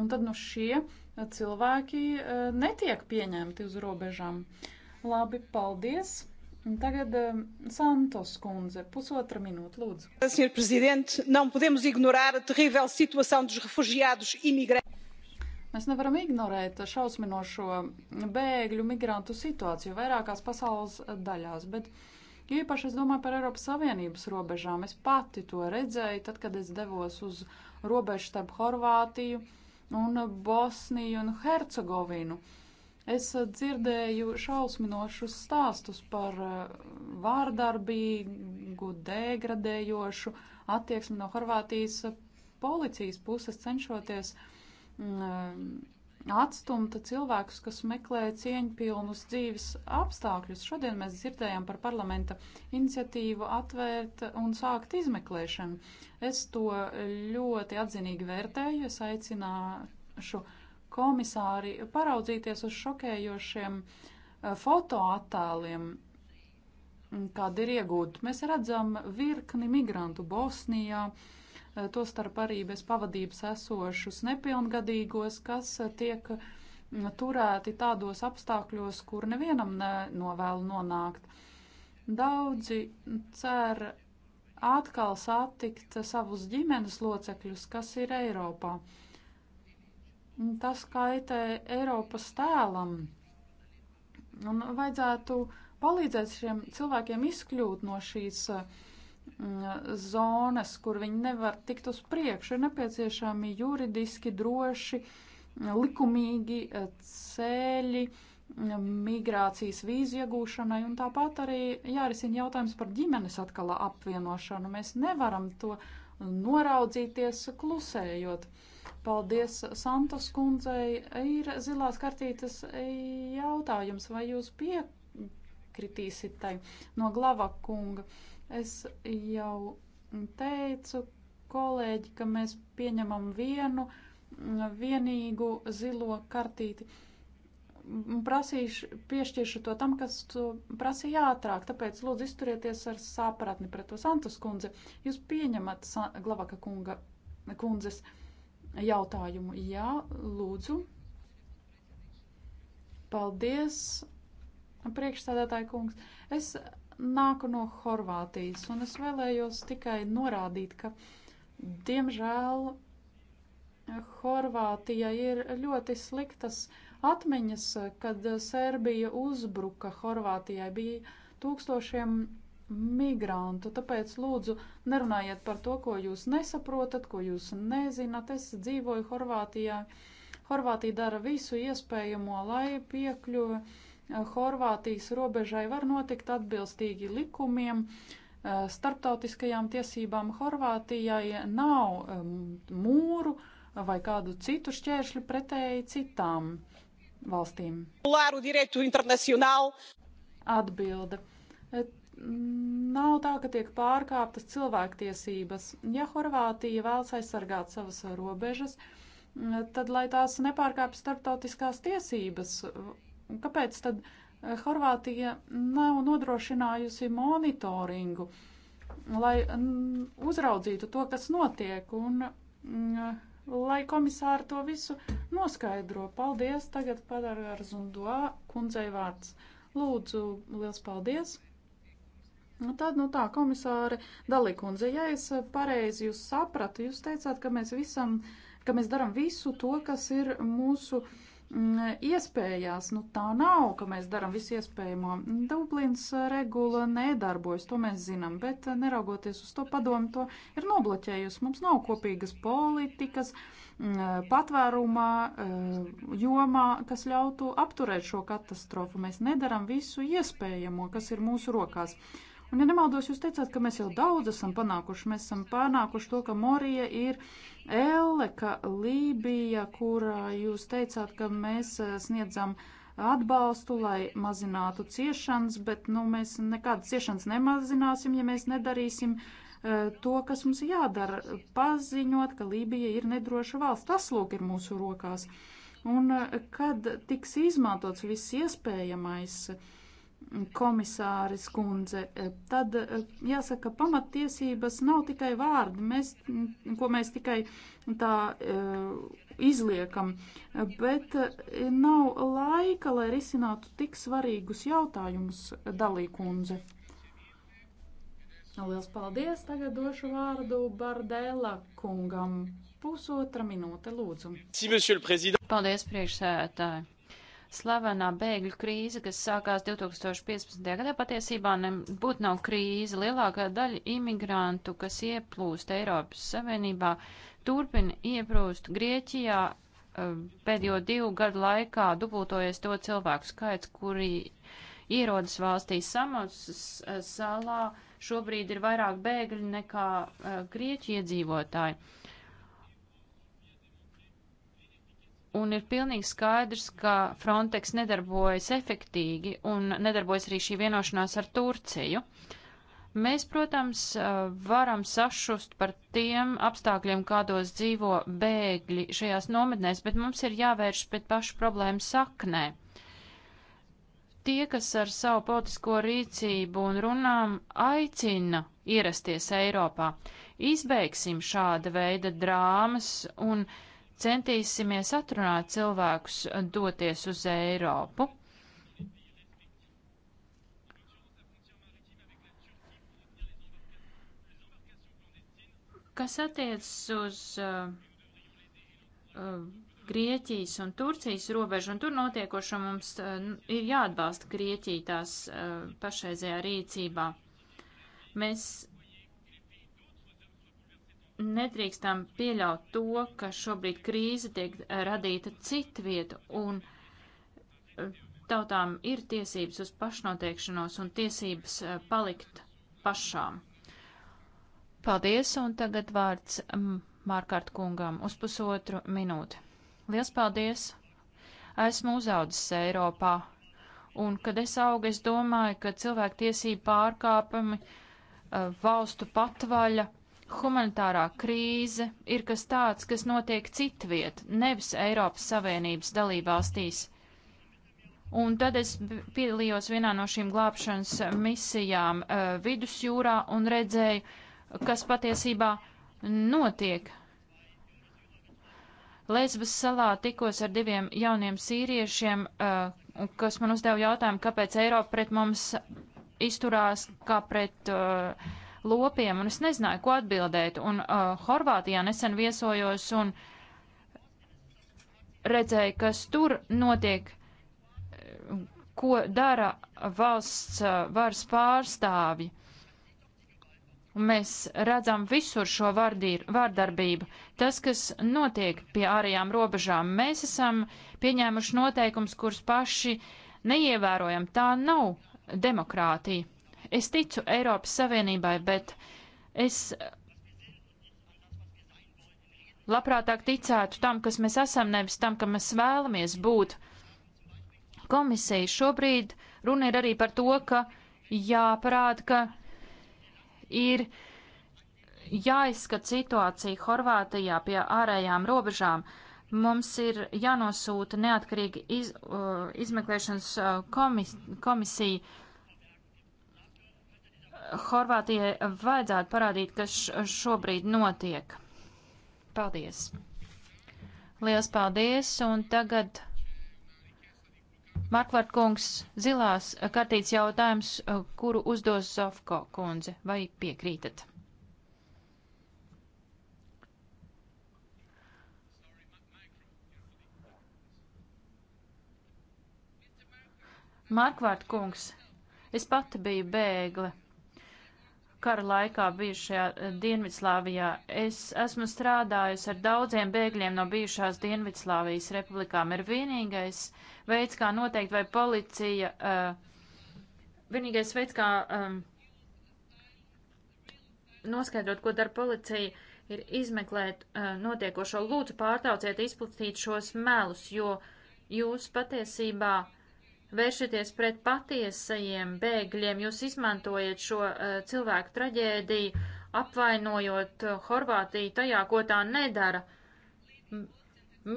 Un tad nu šie cilvēki eh, netiek pieņemti uz robežām. Labi, paldies! Tagad eh, Santos kundze, pusotra minūte, lūdzu. Eh, senhor Presidente, não podemos ignorar a terrível situação dos refugiados imigrantes. Mēs nevaram ignorēt šausminošo bēgļu migrantu situāciju vairākās pasaules daļās, bet īpaši es domāju par Eiropas Savienības robežām. Es pati to redzēju, tad, kad es devos uz robežu starp Horvātiju un Bosniju un Hercegovinu. Uh, Es eh, dzirdēju šausminošus stāstus par eh, vārdarbīgu, degradējošu attieksmi no Horvātijas eh, policijas puses, cenšoties mm, atstumt cilvēkus, kas meklē cieņpilnus dzīves apstākļus. Šodien mēs dzirdējām par parlamenta iniciatīvu atvērt un sākt izmeklēšanu. Es to ļoti atzinīgi vērtēju, es aicināšu komisāri, paraudzīties uz šokējošiem eh, fotoattēliem, mm, kādi ir iegūti. Mēs redzam virkni migrantu Bosnijā, eh, tostarp arī bez pavadības esošus nepilngadīgos, kas eh, tiek mm, turēti tādos apstākļos, kur nevienam nenovēl nonākt. Daudzi cer atkal satikt savus ģimenes locekļus, kas ir Eiropā. Uh, Tas kaitē Eiropas tēlam. Un vajadzētu palīdzēt šiem cilvēkiem izkļūt no šīs mm, zonas, kur viņi nevar tikt uz priekšu. Ir nepieciešami juridiski droši, likumīgi e, ceļi mm, migrācijas vīzu iegūšanai, un tāpat arī jārisina jautājums par ģimenes atkal apvienošanu. Mēs nevaram to noraudzīties klusējot. Uh, Paldies Santos kundzei. Ir zilās kartītes jautājums, vai jūs piekritīsit tai no glava kunga. Es jau teicu, kolēģi, ka mēs pieņemam vienu vienīgu zilo kartīti. Prasīšu, piešķiršu to tam, kas to prasīja ātrāk, tāpēc lūdzu izturieties ar sapratni pret to Santus kundze. Jūs pieņemat Glavaka kunga, kundzes uh, jautājumu. Jā, lūdzu. Paldies, priekšstādātāja kungs. Es nāku no Horvātijas un es vēlējos tikai norādīt, ka, diemžēl, Horvātija ir ļoti sliktas atmiņas, kad Serbija uzbruka Horvātijai. Bija tūkstošiem migrantu. Tāpēc lūdzu nerunājiet par to, ko jūs nesaprotat, ko jūs nezināt. Es dzīvoju Horvātijā. Horvātija dara visu iespējamo, lai piekļuve eh, Horvātijas robežai var notikt atbilstīgi likumiem, eh, starptautiskajām tiesībām. Horvātijai nav mūru vai kādu citu šķēršļu pretēji citām valstīm. Atbilde nav tā, ka tiek pārkāptas cilvēktiesības. Ja Horvātija vēlas aizsargāt savas robežas, tad lai tās nepārkāpj starptautiskās tiesības. Kāpēc tad Horvātija nav nodrošinājusi monitoringu, lai uzraudzītu to, kas notiek, un lai komisāri to visu noskaidro? Paldies! Tagad padara ar Zunduā kundzei vārds. Lūdzu, liels paldies! Nu, tad, nu tā, komisāre Dalikundze, ja es eh, pareizi jūs sapratu, jūs teicāt, ka mēs visam, ka mēs daram visu to, kas ir mūsu mm, iespējās. Nu tā nav, ka mēs daram visu iespējamo. Dublins eh, regula nedarbojas, to mēs zinām, bet eh, neraugoties uz to padomu, to ir nobloķējusi. Mums nav kopīgas politikas mm, patvērumā mm, jomā, kas ļautu apturēt šo katastrofu. Mēs nedaram visu iespējamo, kas ir mūsu rokās. Uh, Un, ja nemaldos, jūs teicāt, ka mēs jau daudz esam panākuši. Mēs esam panākuši to, ka Morija ir Elle, ka Lībija, kur jūs teicāt, ka mēs eh, sniedzam atbalstu, lai mazinātu ciešanas, bet nu, mēs nekādas ciešanas nemazināsim, ja mēs nedarīsim eh, to, kas mums jādara, paziņot, ka Lībija ir nedroša valsts. Tas lūk ir mūsu rokās. Un eh, kad tiks izmantots viss iespējamais, uh, komisāris kundze, eh, tad eh, jāsaka, pamattiesības nav tikai vārdi, mēs, mm, ko mēs tikai tā eh, izliekam, bet nav laika, lai risinātu tik svarīgus jautājumus dalī kundze. Liels paldies! Tagad došu vārdu Bardēla kungam. Pusotra minūte, lūdzu. Paldies, priekšsēdētāji! slavenā bēgļu krīze, kas sākās 2015. gadā, patiesībā nebūtu nav krīze. Lielākā daļa imigrantu, kas ieplūst Eiropas Savienībā, turpina ieplūst Grieķijā. Eh, pēdējo divu gadu laikā dubultojies to cilvēku skaits, kuri ierodas valstī Samosas salā. Šobrīd ir vairāk bēgļi nekā eh, Grieķu iedzīvotāji. un ir pilnīgi skaidrs, ka Frontex nedarbojas efektīgi un nedarbojas arī šī vienošanās ar Turciju. Mēs, protams, varam sašust par tiem apstākļiem, kādos dzīvo bēgļi šajās nometnēs, bet mums ir jāvērš pret pašu problēmu saknē. Tie, kas ar savu politisko rīcību un runām aicina ierasties Eiropā, izbeigsim šāda veida drāmas un uh, centīsimies atrunāt cilvēkus doties uz Eiropu. Kas attiecas uz uh, uh, Grieķijas un Turcijas robežu, un tur notiekošo mums uh, ir jāatbalsta Grieķija tās uh, pašreizējā rīcībā. Mēs nedrīkstam pieļaut to, ka šobrīd krīze tiek eh, radīta citvieta un eh, tautām ir tiesības uz pašnoteikšanos un tiesības eh, palikt pašām. Paldies, un tagad vārds mm, Mārkārt kungam uz pusotru minūti. Liels paldies! Esmu uzaudzis Eiropā, un kad es augu, es domāju, ka cilvēku tiesību pārkāpumi, valstu patvaļa Humanitārā krīze ir kas tāds, kas notiek citviet, nevis Eiropas Savienības dalībvalstīs. Un tad es piedalījos vienā no šīm glābšanas misijām uh, vidusjūrā un redzēju, kas patiesībā notiek. Lesbas salā tikos ar diviem jauniem sīriešiem, uh, kas man uzdeva jautājumu, kāpēc Eiropa pret mums izturās kā pret uh, lopiem, un es nezināju, ko atbildēt. Un uh, Horvātijā nesen viesojos un redzēju, kas tur notiek, ko dara valsts uh, varas pārstāvji. Un mēs redzam visur šo vardīr, vārdarbību. Tas, kas notiek pie ārējām robežām, mēs esam pieņēmuši noteikums, kurus paši neievērojam. Tā nav demokrātija. Es ticu Eiropas Savienībai, bet es labprātāk ticētu tam, kas mēs esam, nevis tam, kam mēs vēlamies būt. Komisija šobrīd runa ir arī par to, ka jāparāda, ka ir jāizskat situācija Horvātijā pie ārējām robežām. Mums ir jānosūta neatkarīgi iz, uh, izmeklēšanas uh, komis, komisija, Horvātijai vajadzētu parādīt, kas šobrīd notiek. Paldies! Lielas paldies! Un tagad Markvart kungs zilās kartīts jautājums, kuru uzdos Zofko kundze. Vai piekrītat? Markvārt kungs, es pati biju bēgle kara laikā bijušajā eh, Dienvidslāvijā. Es esmu strādājusi ar daudziem bēgļiem no bijušās Dienvidslāvijas republikām. Ir vienīgais veids, kā noteikt, vai policija, uh, vienīgais veids, kā um, noskaidrot, ko dara policija, ir izmeklēt uh, notiekošo. Lūdzu, pārtrauciet izplatīt šos melus, jo jūs patiesībā vēršaties pret patiesajiem bēgļiem, jūs izmantojat šo uh, cilvēku traģēdiju, apvainojot uh, Horvātiju tajā, ko tā nedara.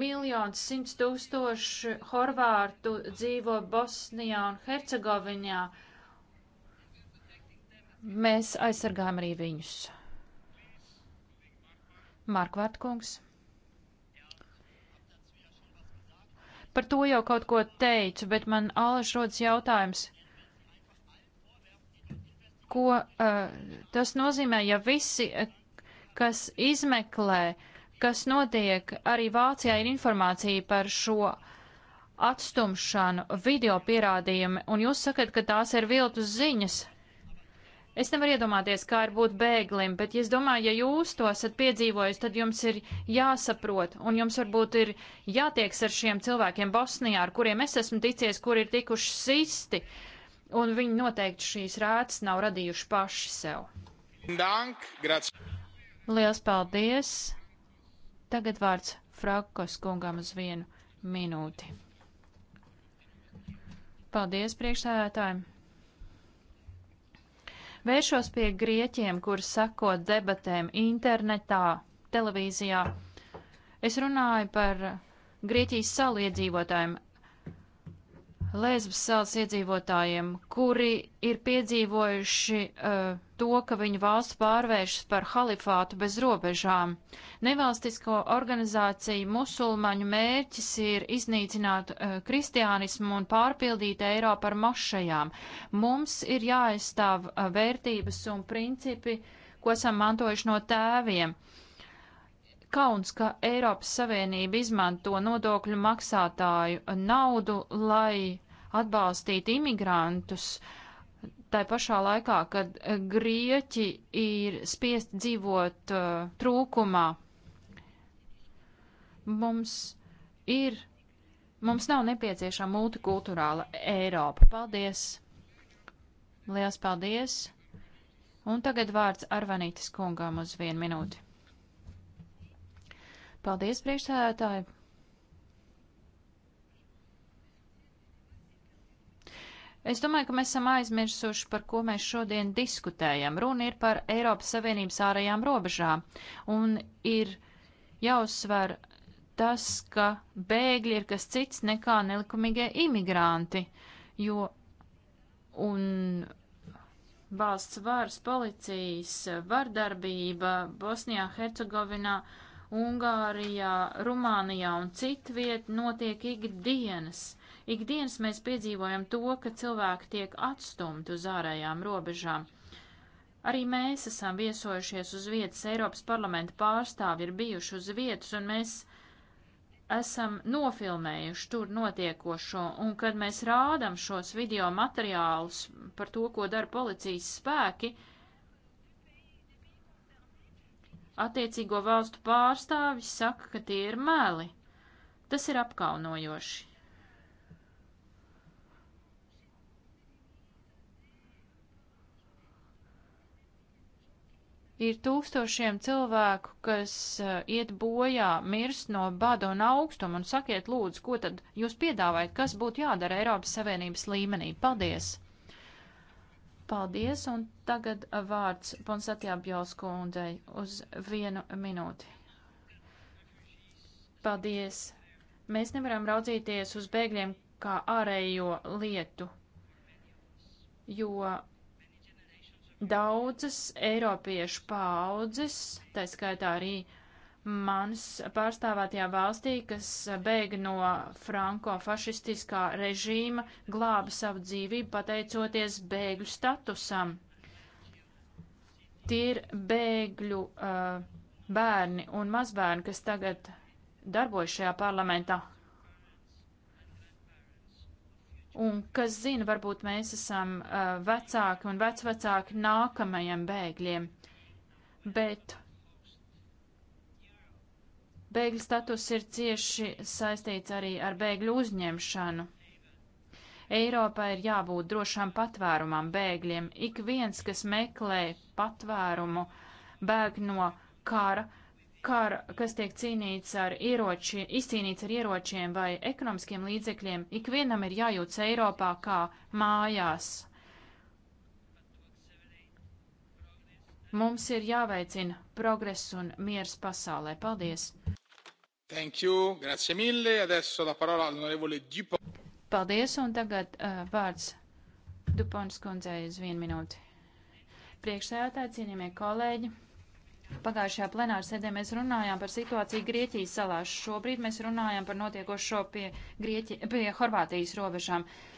Miljons simts tūkstoši horvātu dzīvo Bosnijā un Hercegoviņā. Mēs aizsargājam arī viņus. Markvārtkungs. par to jau kaut ko teicu, bet man Alaš rodas jautājums, ko uh, tas nozīmē, ja visi, eh, kas izmeklē, kas notiek, arī Vācijā ir informācija par šo atstumšanu, video pierādījumi, un jūs sakat, ka tās ir viltus ziņas. Es nevaru iedomāties, kā ir būt bēglim, bet es domāju, ja jūs to esat piedzīvojis, tad jums ir jāsaprot, un jums varbūt ir jātieks ar šiem cilvēkiem Bosnijā, ar kuriem es esmu ticies, kur ir tikuši sisti, un viņi noteikti šīs rētas nav radījuši paši sev. Dank, Liels paldies! Tagad vārds Frakos kungam uz vienu minūti. Paldies priekšstādātājiem! Vēršos pie grieķiem, kur sako debatēm internetā, televīzijā. Es runāju par Grieķijas salu iedzīvotājiem. Lēzbas salas iedzīvotājiem, kuri ir piedzīvojuši uh, to, ka viņu valsts pārvēršas par halifātu bez robežām. Nevalstisko organizāciju musulmaņu mērķis ir iznīcināt uh, kristiānismu un pārpildīt Eiropu ar mošajām. Mums ir jāaizstāv uh, vērtības un principi, ko esam mantojuši no tēviem. Uh, kauns, ka Eiropas Savienība izmanto nodokļu maksātāju naudu, lai atbalstītu imigrantus, tā pašā laikā, kad grieķi ir spiest dzīvot uh, trūkumā. Mums ir, mums nav nepieciešama multikulturāla Eiropa. Paldies! Lielas paldies! Un tagad vārds Arvanītis kungām uz vienu minūti. Paldies, priekšsēdētāji! Es domāju, ka mēs esam aizmirsuši, par ko mēs šodien diskutējam. Runa ir par Eiropas Savienības ārējām robežām, un ir jāuzsver tas, ka bēgļi ir kas cits nekā nelikumīgie imigranti, jo un valsts vārs, policijas, vardarbība Bosnijā, Hercegovinā Ungārijā, Rumānijā un citviet notiek ikdienas. Ikdienas mēs piedzīvojam to, ka cilvēki tiek atstumti uz ārējām robežām. Arī mēs esam viesojušies uz vietas, Eiropas parlamenta pārstāvji ir bijuši uz vietas, un mēs esam nofilmējuši tur notiekošo, un kad mēs rādam šos video materiālus par to, ko dara policijas spēki, uh, attiecīgo valstu pārstāvis saka, ka tie ir meli. Tas ir apkaunojoši. Ir tūkstošiem cilvēku, kas eh, iet bojā, mirst no bada un augstuma, un sakiet lūdzu, ko tad jūs piedāvājat, kas būtu jādara Eiropas Savienības līmenī. Paldies! Paldies, un tagad vārds Ponsatjā Bjauskundai uz vienu minūti. Paldies. Mēs nevaram raudzīties uz bēgļiem kā ārējo lietu, jo daudzas Eiropiešu paaudzes, tā skaitā arī uh, manas pārstāvētajā valstī, kas bēg no franko-fašistiskā režīma, glāba savu dzīvību pateicoties bēgļu statusam. Tie ir bēgļu uh, bērni un mazbērni, kas tagad darbojas šajā parlamentā. Un kas zina, varbūt mēs esam uh, vecāki un vecvecāki nākamajiem bēgļiem. Bet Bēgļu status ir cieši saistīts arī ar bēgļu uzņemšanu. Eiropā ir jābūt drošām patvērumam bēgļiem. Ik viens, kas meklē patvērumu, bēg no kara, kara, kas tiek cīnīts ar ieroči, izcīnīts ar ieročiem vai ekonomiskiem līdzekļiem, ik vienam ir jājūtas Eiropā kā mājās. Mums ir jāveicina progress un miers pasaulē. Paldies! Thank you, grazie mille. Adesso la parola all'onorevole Dupont. Paldies, un tagad uh, vārds Dupons kundzei uz vienu minūti. Priekšsēdētāji, cienījamie kolēģi, pagājušajā plenāra sēdē mēs runājām par situāciju Grieķijas salās. Šobrīd mēs runājām par notiekošo pie, Grieķi, pie Horvātijas robežām. Uh,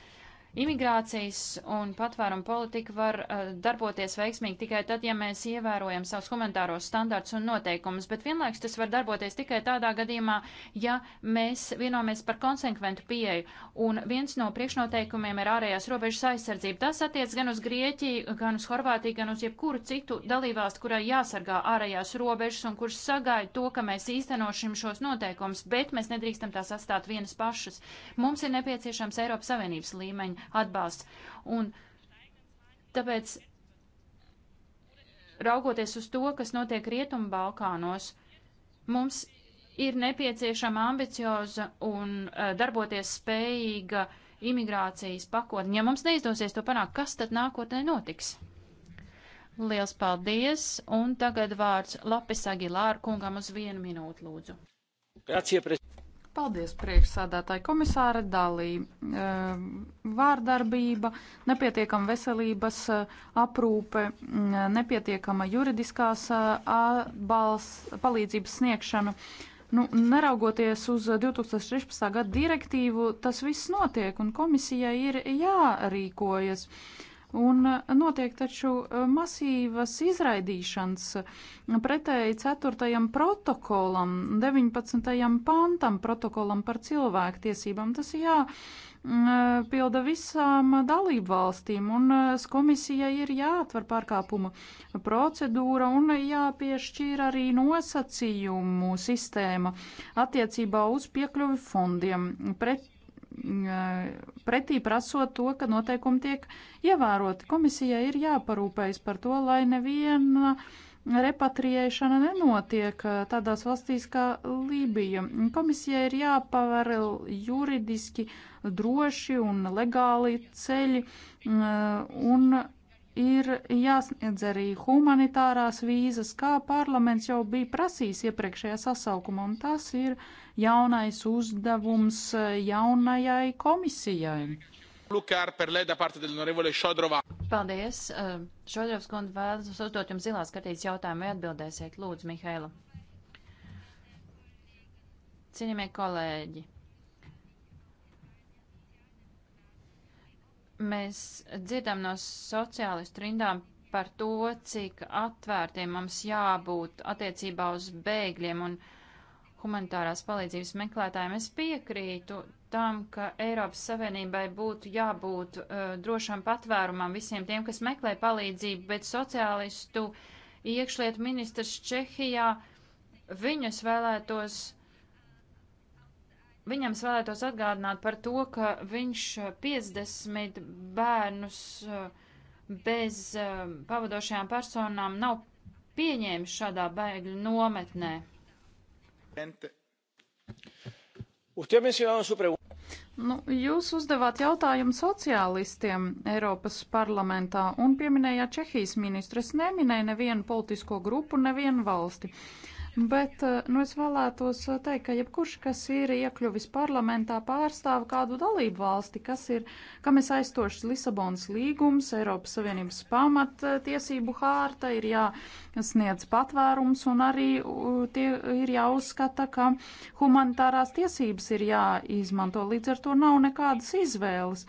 Imigrācijas un patvērumu politika var uh, darboties veiksmīgi tikai tad, ja mēs ievērojam savus humanitāros standārts un noteikumus, bet vienlaiks tas var darboties tikai tādā gadījumā, ja mēs vienojamies par konsekventu pieeju. Un viens no priekšnoteikumiem ir ārējās robežas aizsardzība. Tas attiec gan uz Grieķiju, gan uz Horvātiju, gan uz jebkuru citu dalībvalstu, kurai jāsargā ārējās robežas un kurš sagaida to, ka mēs īstenošim šos noteikumus, bet mēs nedrīkstam tās atstāt vienas pašas. Mums ir nepieciešams Eiropas Savienības līmeņa atbalsts. Un tāpēc, raugoties uz to, kas notiek Rietumu Balkānos, mums ir nepieciešama ambicioza un uh, darboties spējīga imigrācijas pakotne. Ja mums neizdosies to panākt, kas tad nākotnē notiks? Liels paldies, un tagad vārds Lapis Agilāra kungam uz vienu minūtu lūdzu. Grazie, prezidents. Paldies, priekšsādātāji komisāra Dalī. Ehm, vārdarbība, nepietiekama veselības eh, aprūpe, mm, nepietiekama juridiskās eh, atbalsts, palīdzības sniegšana. Nu, neraugoties uz 2016. gada direktīvu, tas viss notiek un komisijai ir jārīkojas. Uh, Un eh, notiek taču eh, masīvas izraidīšanas pretēji 4. protokolam, 19. pantam protokolam par cilvēktiesībām. Tas jā mm, eh, pilda visām dalību valstīm, un komisijai ir jāatver pārkāpuma procedūra un jāpiešķīra arī nosacījumu sistēma attiecībā uz piekļuvi fondiem. Pret Mm, eh, pretī prasot to, ka noteikumi tiek ievēroti. Komisijai ir jāparūpējas par to, lai neviena repatriēšana nenotiek eh, tādās valstīs kā Lībija. Komisijai ir jāpaver juridiski droši un legāli ceļi mm, eh, un ir jāsniedz arī humanitārās vīzas, kā parlaments jau bija prasījis iepriekšējā sasaukumā, un tas ir jaunais uzdevums eh, jaunajai komisijai. Paldies. Eh, Šodrovs kundze vēlas uzdot jums zilās kartītes jautājumu, vai atbildēsiet, lūdzu, Mihaila. Cienījamie kolēģi, Mēs dzirdam no sociālistu rindām par to, cik atvērtiem mums jābūt attiecībā uz bēgļiem un humanitārās palīdzības meklētājiem. Es piekrītu tam, ka Eiropas Savienībai būtu jābūt uh, drošam patvērumam visiem tiem, kas meklē palīdzību, bet sociālistu iekšlietu ministrs Čehijā viņus vēlētos Viņam es vēlētos atgādināt par to, ka viņš 50 eh, bērnus eh, bez eh, pavadošajām personām nav pieņēmis šādā bēgļu nometnē. Nu, jūs uzdevāt jautājumu sociālistiem Eiropas parlamentā un pieminējāt Čehijas ministru. Es neminēju nevienu politisko grupu, nevienu valsti. Uh, Bet eh, nu, es vēlētos eh, teikt, ka jebkurš, kas ir iekļuvis parlamentā, pārstāv kādu dalību valsti, kas ir, kam ir aizstošs Lisabonas līgums, Eiropas Savienības pamattiesību hārta, ir jāsniedz patvērums un arī tie ir jāuzskata, ka humanitārās tiesības ir jāizmanto. Līdz ar to nav nekādas izvēles.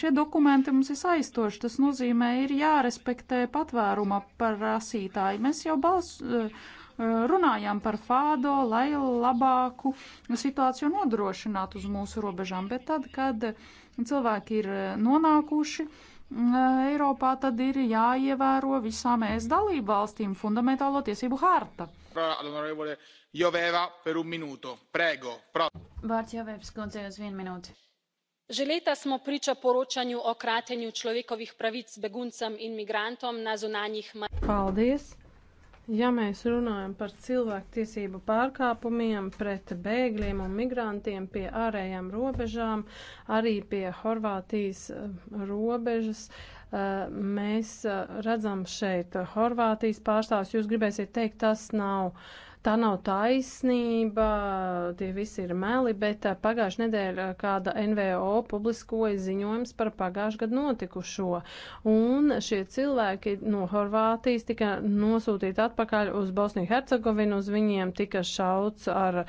Šie dokumenti mums ir saistoši. Tas nozīmē, ir jārespektē patvēruma par rasītāju. Mēs jau balsojam runājām par fādo, lai labāku situāciju nodrošinātu uz mūsu robežām. Bet tad, kad cilvēki ir nonākuši, mm, Eiropā tad ir jāievēro visām ES dalību valstīm fundamentālo tiesību harta. Vārds Jovēvs kundzei uz vienu minūti. Že leta smo priča poročanju o kratenju človekovih pravic beguncem in migrantom na zunanjih mejah. Paldies! Ja mēs runājam par cilvēktiesību pārkāpumiem pret bēgļiem un migrantiem pie ārējām robežām, arī pie Horvātijas eh, robežas, eh, mēs eh, redzam šeit Horvātijas pārstāvs, jūs gribēsiet teikt, tas nav uh, tā nav taisnība, tie visi ir meli, bet eh, pagājušajā nedēļā kāda NVO publiskoja ziņojums par pagājušajā gadu notikušo. Un šie cilvēki no Horvātijas tika nosūtīti atpakaļ uz Bosniju Hercegovinu, uz viņiem tika šauts ar.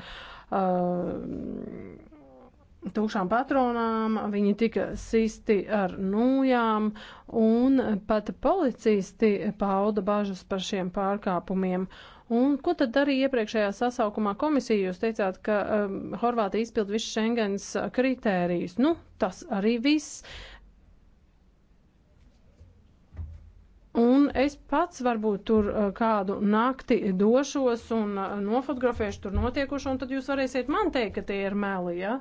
Uh, eh, Tūkšām patronām, viņi tika sisti ar nūjām, un pat policisti pauda bažas par šiem pārkāpumiem. Uh, Un ko tad darīja iepriekšējā sasaukumā komisija? Jūs teicāt, ka um, Horvātija izpild visu Schengens uh, kritērijus. Nu, tas arī viss. Un es pats varbūt tur uh, kādu nakti došos un uh, nofotografēšu tur notiekošo, un tad jūs varēsiet man teikt, ka tie ir meli, ja?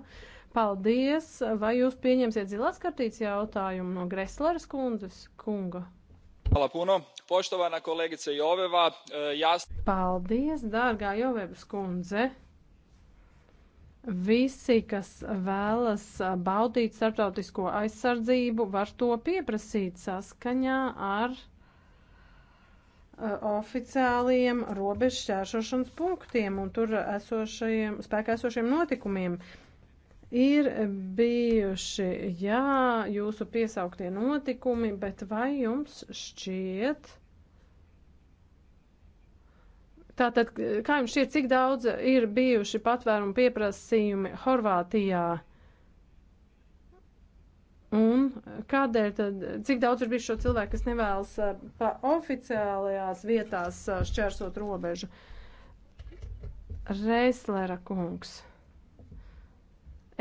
Paldies! Vai jūs pieņemsiet zilās kartītes jautājumu no Gresleras kundzes kunga? Poštovana kolegice Joveva, e, jās... Paldies, dārgā Jovevas kundze! Visi, kas vēlas e, baudīt starptautisko aizsardzību, var to pieprasīt saskaņā ar e, oficiāliem robežu šķēršošanas punktiem un tur esošajiem, spēkā esošiem notikumiem. Uh, Ir bijuši, jā, jūsu piesauktie notikumi, bet vai jums šķiet, tātad, kā jums šķiet, cik daudz ir bijuši patvērumu pieprasījumi Horvātijā? Un kādēļ tad, cik daudz ir bijuši šo cilvēku, kas nevēlas eh, pa oficiālajās vietās eh, šķērsot robežu? Reislera kungs.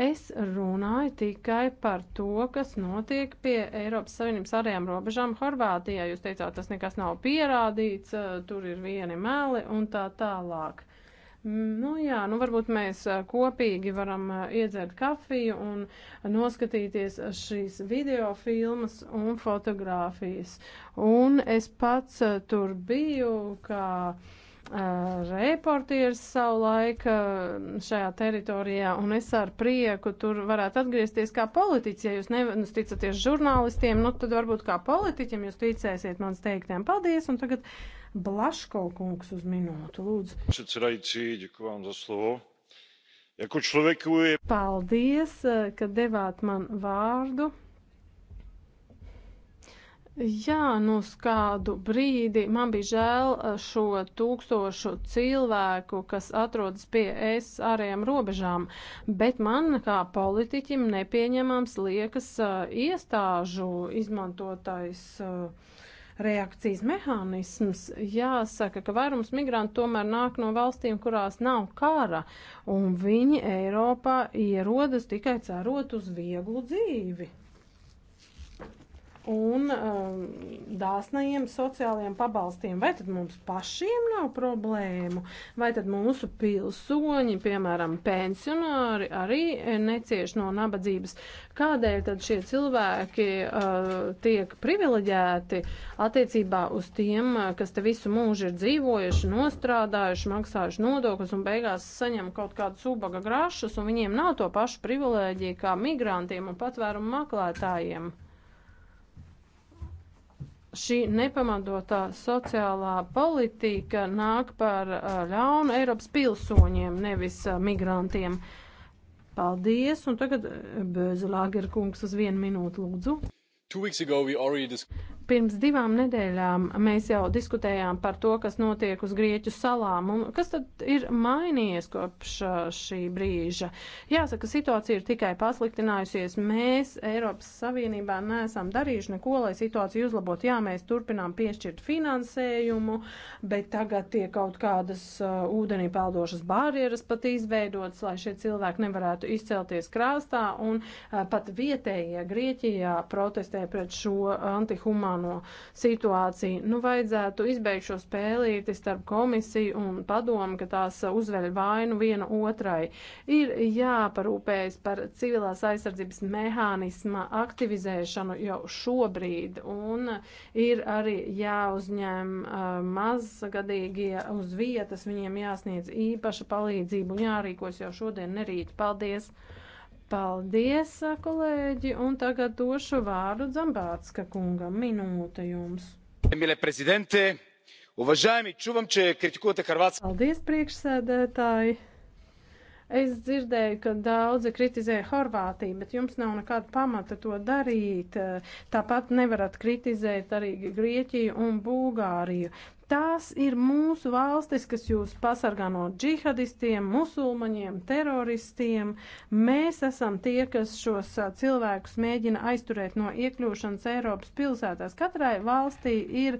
Es runāju tikai par to, kas notiek pie Eiropas Savienības ārējām robežām Horvātijā. Jūs teicāt, tas nekas nav pierādīts, tur ir vieni meli un tā tālāk. Mm, nu jā, nu varbūt mēs kopīgi varam iedzert kafiju un noskatīties šīs video filmas un fotogrāfijas. Un es pats tur biju, kā. Ka reportieris savu laiku šajā teritorijā, un es ar prieku tur varētu atgriezties kā politiķis. Ja jūs nesticaties nu, žurnālistiem, nu tad varbūt kā politiķim jūs ticēsiet mans teiktiem. Paldies, un tagad Blaško kungs uz minūtu, lūdzu. Předsedající, děkuji vám za slovo. Jako člověku je... Paldies, ka devāt man vārdu. Jā, nu uz kādu brīdi man bija žēl eh, šo tūkstošu cilvēku, kas atrodas pie es ārējām robežām, bet man kā politiķim nepieņemams liekas uh, iestāžu izmantotais. Uh, eh, reakcijas mehānisms. Jāsaka, ka vairums migrantu tomēr nāk no valstīm, kurās nav kara, un viņi Eiropā ierodas tikai cerot uz vieglu dzīvi un um, dāsnajiem sociālajiem pabalstiem. Vai tad mums pašiem nav problēmu, vai tad mūsu pilsoņi, piemēram, pensionāri, arī necieš no nabadzības? Kādēļ tad šie cilvēki uh, tiek privileģēti attiecībā uz tiem, uh, kas te visu mūžu ir dzīvojuši, nostrādājuši, maksājuši nodokļus un beigās saņem kaut kādu subaga grašus, un viņiem nav to pašu privilēģiju kā migrantiem un patvērumu meklētājiem? šī nepamatotā sociālā politika nāk par ļaunu Eiropas pilsoņiem, nevis migrantiem. Paldies, un tagad Bēzelāger kungs uz vienu minūtu lūdzu. Ago, Pirms divām nedēļām mēs jau diskutējām par to, kas notiek uz Grieķu salām un kas tad ir mainījies kopš šī brīža. Jāsaka, situācija ir tikai pasliktinājusies. Mēs Eiropas Savienībā neesam darījuši neko, lai situāciju uzlabotu. Jā, mēs turpinām piešķirt finansējumu, bet tagad tiek kaut kādas uh, ūdenī peldošas barjeras pat izveidotas, lai šie cilvēki nevarētu izcelties krāstā un uh, pat vietējie Grieķijā protestē pret šo antihumānu jauno situāciju. Nu, vajadzētu izbeigt šo spēlīti starp komisiju un padomu, ka tās uzveļ vainu viena otrai. Ir jāparūpējas par civilās aizsardzības mehānisma aktivizēšanu jau šobrīd, un ir arī jāuzņem uh, mazgadīgie uz vietas, viņiem jāsniedz īpaša palīdzība un jārīkos jau šodien, nerīt. Paldies! Paldies, kolēģi, un tagad došu vārdu Dzambātska kungam. Minūte jums. Emile prezidente, uvažājumi, čuvam, če kritikota Hrvatska. Paldies, priekšsēdētāji. Es dzirdēju, ka daudzi kritizē Horvātiju, bet jums nav nekāda pamata to darīt. Tāpat nevarat kritizēt arī Grieķiju un Bulgāriju. Tās ir mūsu valstis, kas jūs pasargā no džihadistiem, musulmaņiem, teroristiem. Mēs esam tie, kas šos cilvēkus mēģina aizturēt no iekļūšanas Eiropas pilsētās. Katrai valstī ir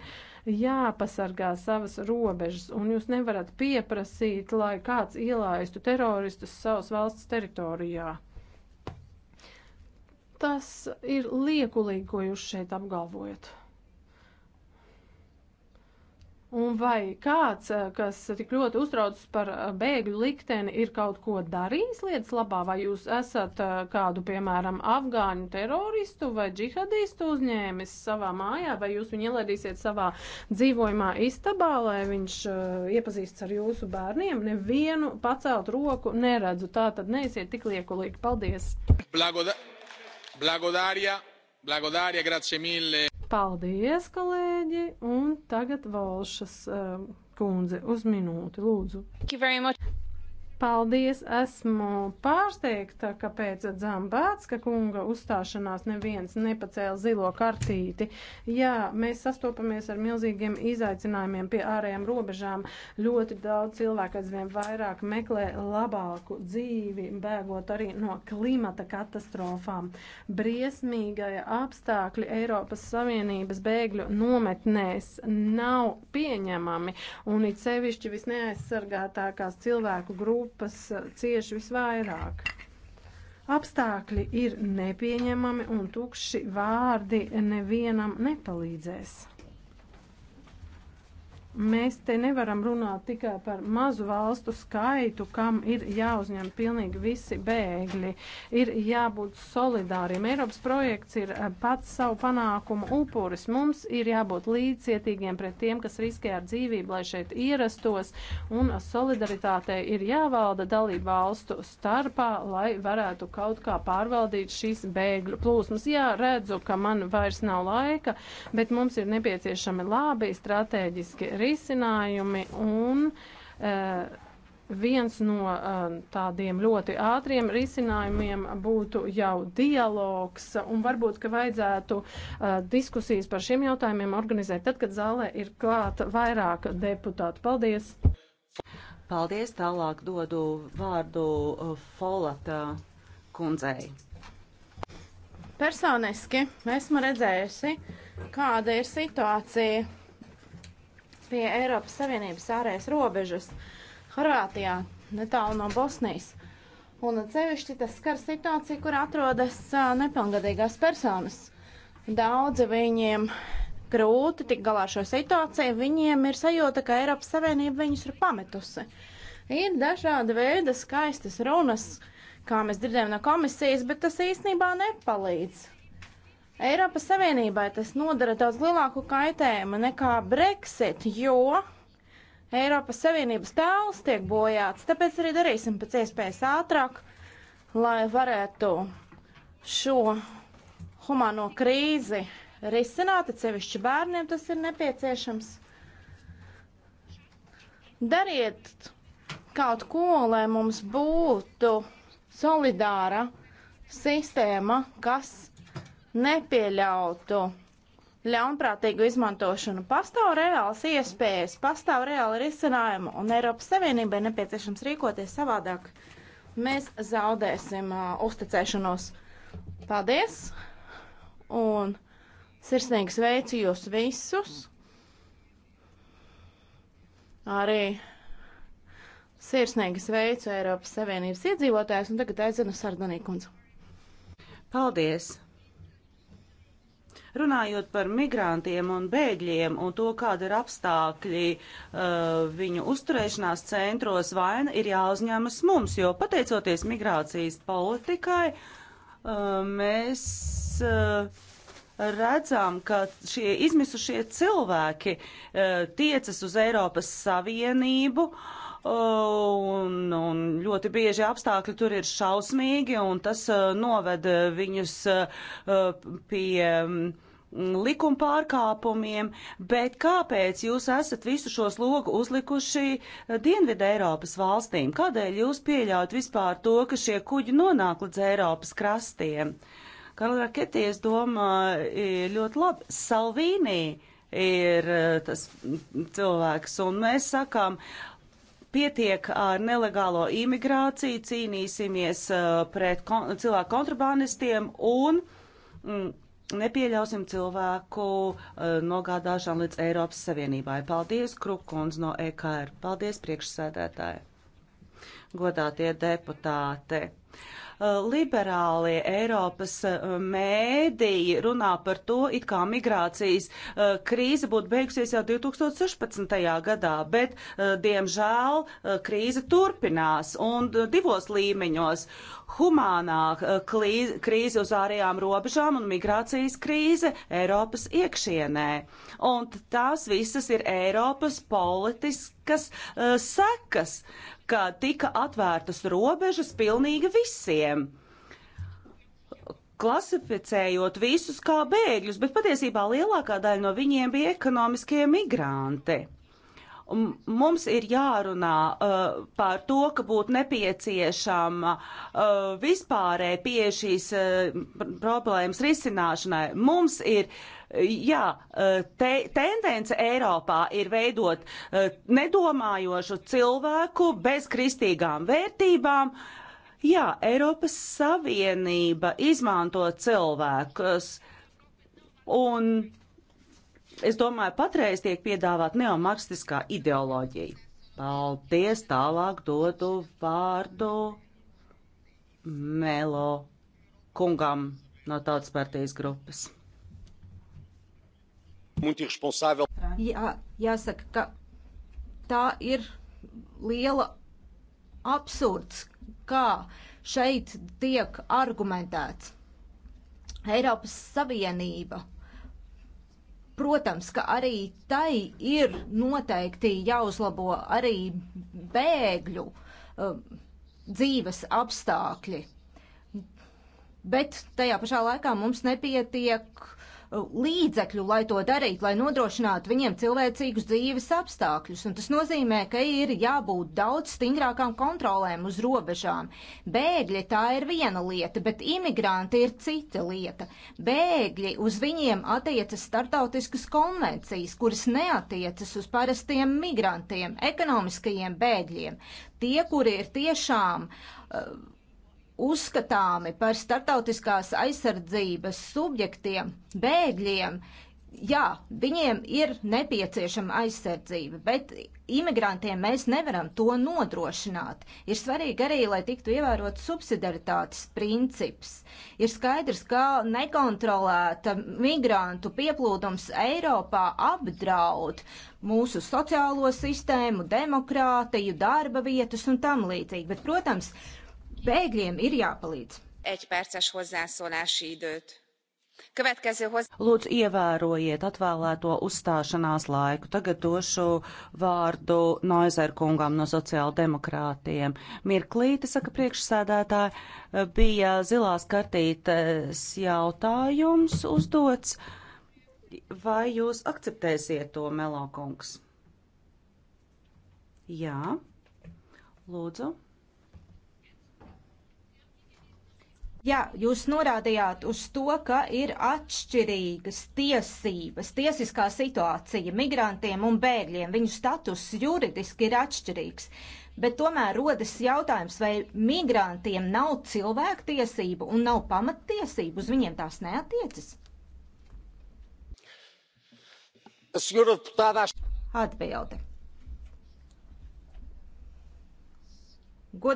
jāpasargā savas robežas, un jūs nevarat pieprasīt, lai kāds ielaistu teroristus savas valsts teritorijā. Tas ir liekulīgi, ko jūs šeit apgalvojat. Un vai kāds, eh, kas tik ļoti uztraucas par eh, bēgļu likteni, ir kaut ko darījis lietas labā, vai jūs esat eh, kādu, piemēram, afgāņu teroristu vai džihadistu uzņēmis savā mājā, vai jūs viņu ielaidīsiet savā dzīvojumā istabā, lai viņš uh, iepazīstas ar jūsu bērniem? Nevienu pacelt roku neredzu, tā tad neesiet tik liekulīgi. Paldies! Blagoda Blagodārija, Blagodārija, grazie mille! Paldies, kolēģi! Un tagad Valšas um, kundze uz minūti, lūdzu. Paldies, esmu pārsteigta, ka pēc Dzambātska kunga uzstāšanās neviens nepacēla zilo kartīti. Jā, mēs sastopamies ar milzīgiem izaicinājumiem pie ārējām robežām. Ļoti daudz cilvēku aizvien vairāk meklē labāku dzīvi, bēgot arī no klimata katastrofām. Briesmīgajā apstākļi Eiropas Savienības bēgļu nometnēs nav pieņemami, un it sevišķi visneaizsargātākās cilvēku grupas grupas eh, cieši visvairāk. Apstākļi ir nepieņemami un tukši vārdi nevienam nepalīdzēs. Mēs te nevaram runāt tikai par mazu valstu skaitu, kam ir jāuzņem pilnīgi visi bēgļi. Ir jābūt solidāriem. Eiropas projekts ir eh, pats savu panākumu upuris. Mums ir jābūt līdzcietīgiem pret tiem, kas riskē ar dzīvību, lai šeit ierastos. Un solidaritātei ir jāvalda dalību valstu starpā, lai varētu kaut kā pārvaldīt šīs bēgļu plūsmas. Jā, redzu, ka man vairs nav laika, bet mums ir nepieciešami labi stratēģiski risinājumi risinājumi un uh, viens no uh, tādiem ļoti ātriem risinājumiem būtu jau dialogs, un varbūt, ka vajadzētu uh, diskusijas par šiem jautājumiem organizēt tad, kad zālē ir klāta vairāk deputātu. Paldies! Paldies! Tālāk dodu vārdu Folata kundzei. Personiski esmu redzējusi, kāda ir situācija pie Eiropas Savienības ārējas robežas Horvātijā, netālu no Bosnijas. Un cevišķi tas skar situāciju, kur atrodas nepilngadīgās personas. Daudzi viņiem grūti tik galā ar šo situāciju, viņiem ir sajūta, ka Eiropas Savienība viņus ir pametusi. Ir dažādi veidi skaistas runas, kā mēs dzirdējam no komisijas, bet tas īstenībā nepalīdz. Eiropas Savienībai tas nodara daudz lielāku kaitējumu nekā Brexit, jo Eiropas Savienības tēls tiek bojāts. Tāpēc arī darīsim pēc iespējas ātrāk, lai varētu šo humano krīzi risināt, cevišķi bērniem tas ir nepieciešams. Dariet kaut ko, lai mums būtu solidāra sistēma, kas nepieļautu ļaunprātīgu izmantošanu. Pastāv reāls iespējas, pastāv reāli risinājumi, un Eiropas Savienībai nepieciešams rīkoties savādāk. Mēs zaudēsim uh, uzticēšanos. Paldies! Un sirsnīgi sveicu jūs visus! Arī sirsnīgi sveicu Eiropas Savienības iedzīvotājus, un tagad aizinu Sardanīkundzu. Paldies! Runājot par migrantiem un bēgļiem un to, kāda ir apstākļi uh, viņu uzturēšanās centros, vaina nu ir jāuzņemas mums, jo pateicoties migrācijas politikai, uh, mēs uh, redzam, ka šie izmisušie cilvēki uh, tiecas uz Eiropas Savienību. Uh, un, un ļoti bieži apstākļi tur ir šausmīgi, un tas e, noved viņus e, pie likuma pārkāpumiem, bet kāpēc jūs esat visu šo slogu uzlikuši e, Dienvidē Eiropas valstīm? Kādēļ jūs pieļaut vispār to, ka šie kuģi nonāk līdz Eiropas krastiem? Kalraketī, es domāju, ļoti labi. Salvīnī ir tas cilvēks, un mēs sakām, pietiek ar nelegālo imigrāciju, cīnīsimies uh, pret kon cilvēku kontrabandistiem un mm, nepieļausim cilvēku uh, nogādāšanu līdz Eiropas Savienībai. Paldies, Krupkons no EKR. Paldies, priekšsēdētāji. Godātie deputāte. Uh, liberālie Eiropas eh, mēdīji runā par to, it kā migrācijas eh, krīze būtu beigusies jau 2016. gadā, bet, eh, diemžēl, krīze turpinās un divos līmeņos - humānā krīze uz ārējām robežām un migrācijas krīze Eiropas iekšienē. Un tās visas ir Eiropas politiskas uh, sekas, ka tika atvērtas robežas pilnīgi visiem bēgļiem klasificējot visus kā bēgļus, bet patiesībā lielākā daļa no viņiem bija ekonomiskie migranti. Un mums ir jārunā uh, par to, ka būtu nepieciešama uh, vispārē pie šīs uh, problēmas risināšanai. Mums ir uh, jā, te, tendence Eiropā ir veidot uh, nedomājošu cilvēku bez kristīgām vērtībām, Jā, Eiropas Savienība izmanto cilvēkus, un es domāju, patreiz tiek piedāvāt neomarksistiskā ideoloģija. Paldies, tālāk dodu vārdu Melo kungam no Tautas partijas grupas. Jā, jāsaka, ka tā ir liela absurds, kā šeit tiek argumentēts. Eiropas Savienība, protams, ka arī tai ir noteikti jāuzlabo arī bēgļu um, dzīves apstākļi, bet tajā pašā laikā mums nepietiek Uh, līdzekļu, lai to darītu, lai nodrošinātu viņiem cilvēcīgus dzīves apstākļus. Un tas nozīmē, ka ir jābūt daudz stingrākām kontrolēm uz robežām. Bēgļi tā ir viena lieta, bet imigranti ir cita lieta. Bēgļi uz viņiem attiecas startautiskas konvencijas, kuras neatiecas uz parastiem migrantiem, ekonomiskajiem bēgļiem. Tie, kuri ir tiešām uh, uzskatāmi par startautiskās aizsardzības subjektiem, bēgļiem, jā, viņiem ir nepieciešama aizsardzība, bet imigrantiem mēs nevaram to nodrošināt. Ir svarīgi arī, lai tiktu ievērot subsidaritātes princips. Ir skaidrs, ka nekontrolēta migrantu pieplūdums Eiropā apdraud mūsu sociālo sistēmu, demokrātiju, darba vietas un tam līdzīgi. Bet, protams, Bēgļiem ir jāpalīdz. Lūdzu, ievērojiet atvēlēto uzstāšanās laiku. Tagad došu vārdu Noizerkungam no sociāldemokrātiem. Mirklīte, saka priekšsēdētāji, bija zilās kartītes jautājums uzdots. Vai jūs akceptēsiet to, Melokungs? Jā, lūdzu. Jā, jūs norādījāt uz to, ka ir atšķirīgas tiesības, tiesiskā situācija migrantiem un bēgļiem. Viņu status juridiski ir atšķirīgs. Bet tomēr rodas jautājums, vai migrantiem nav cilvēktiesību un nav pamattiesību, uz viņiem tās neatiecas? Atbilde.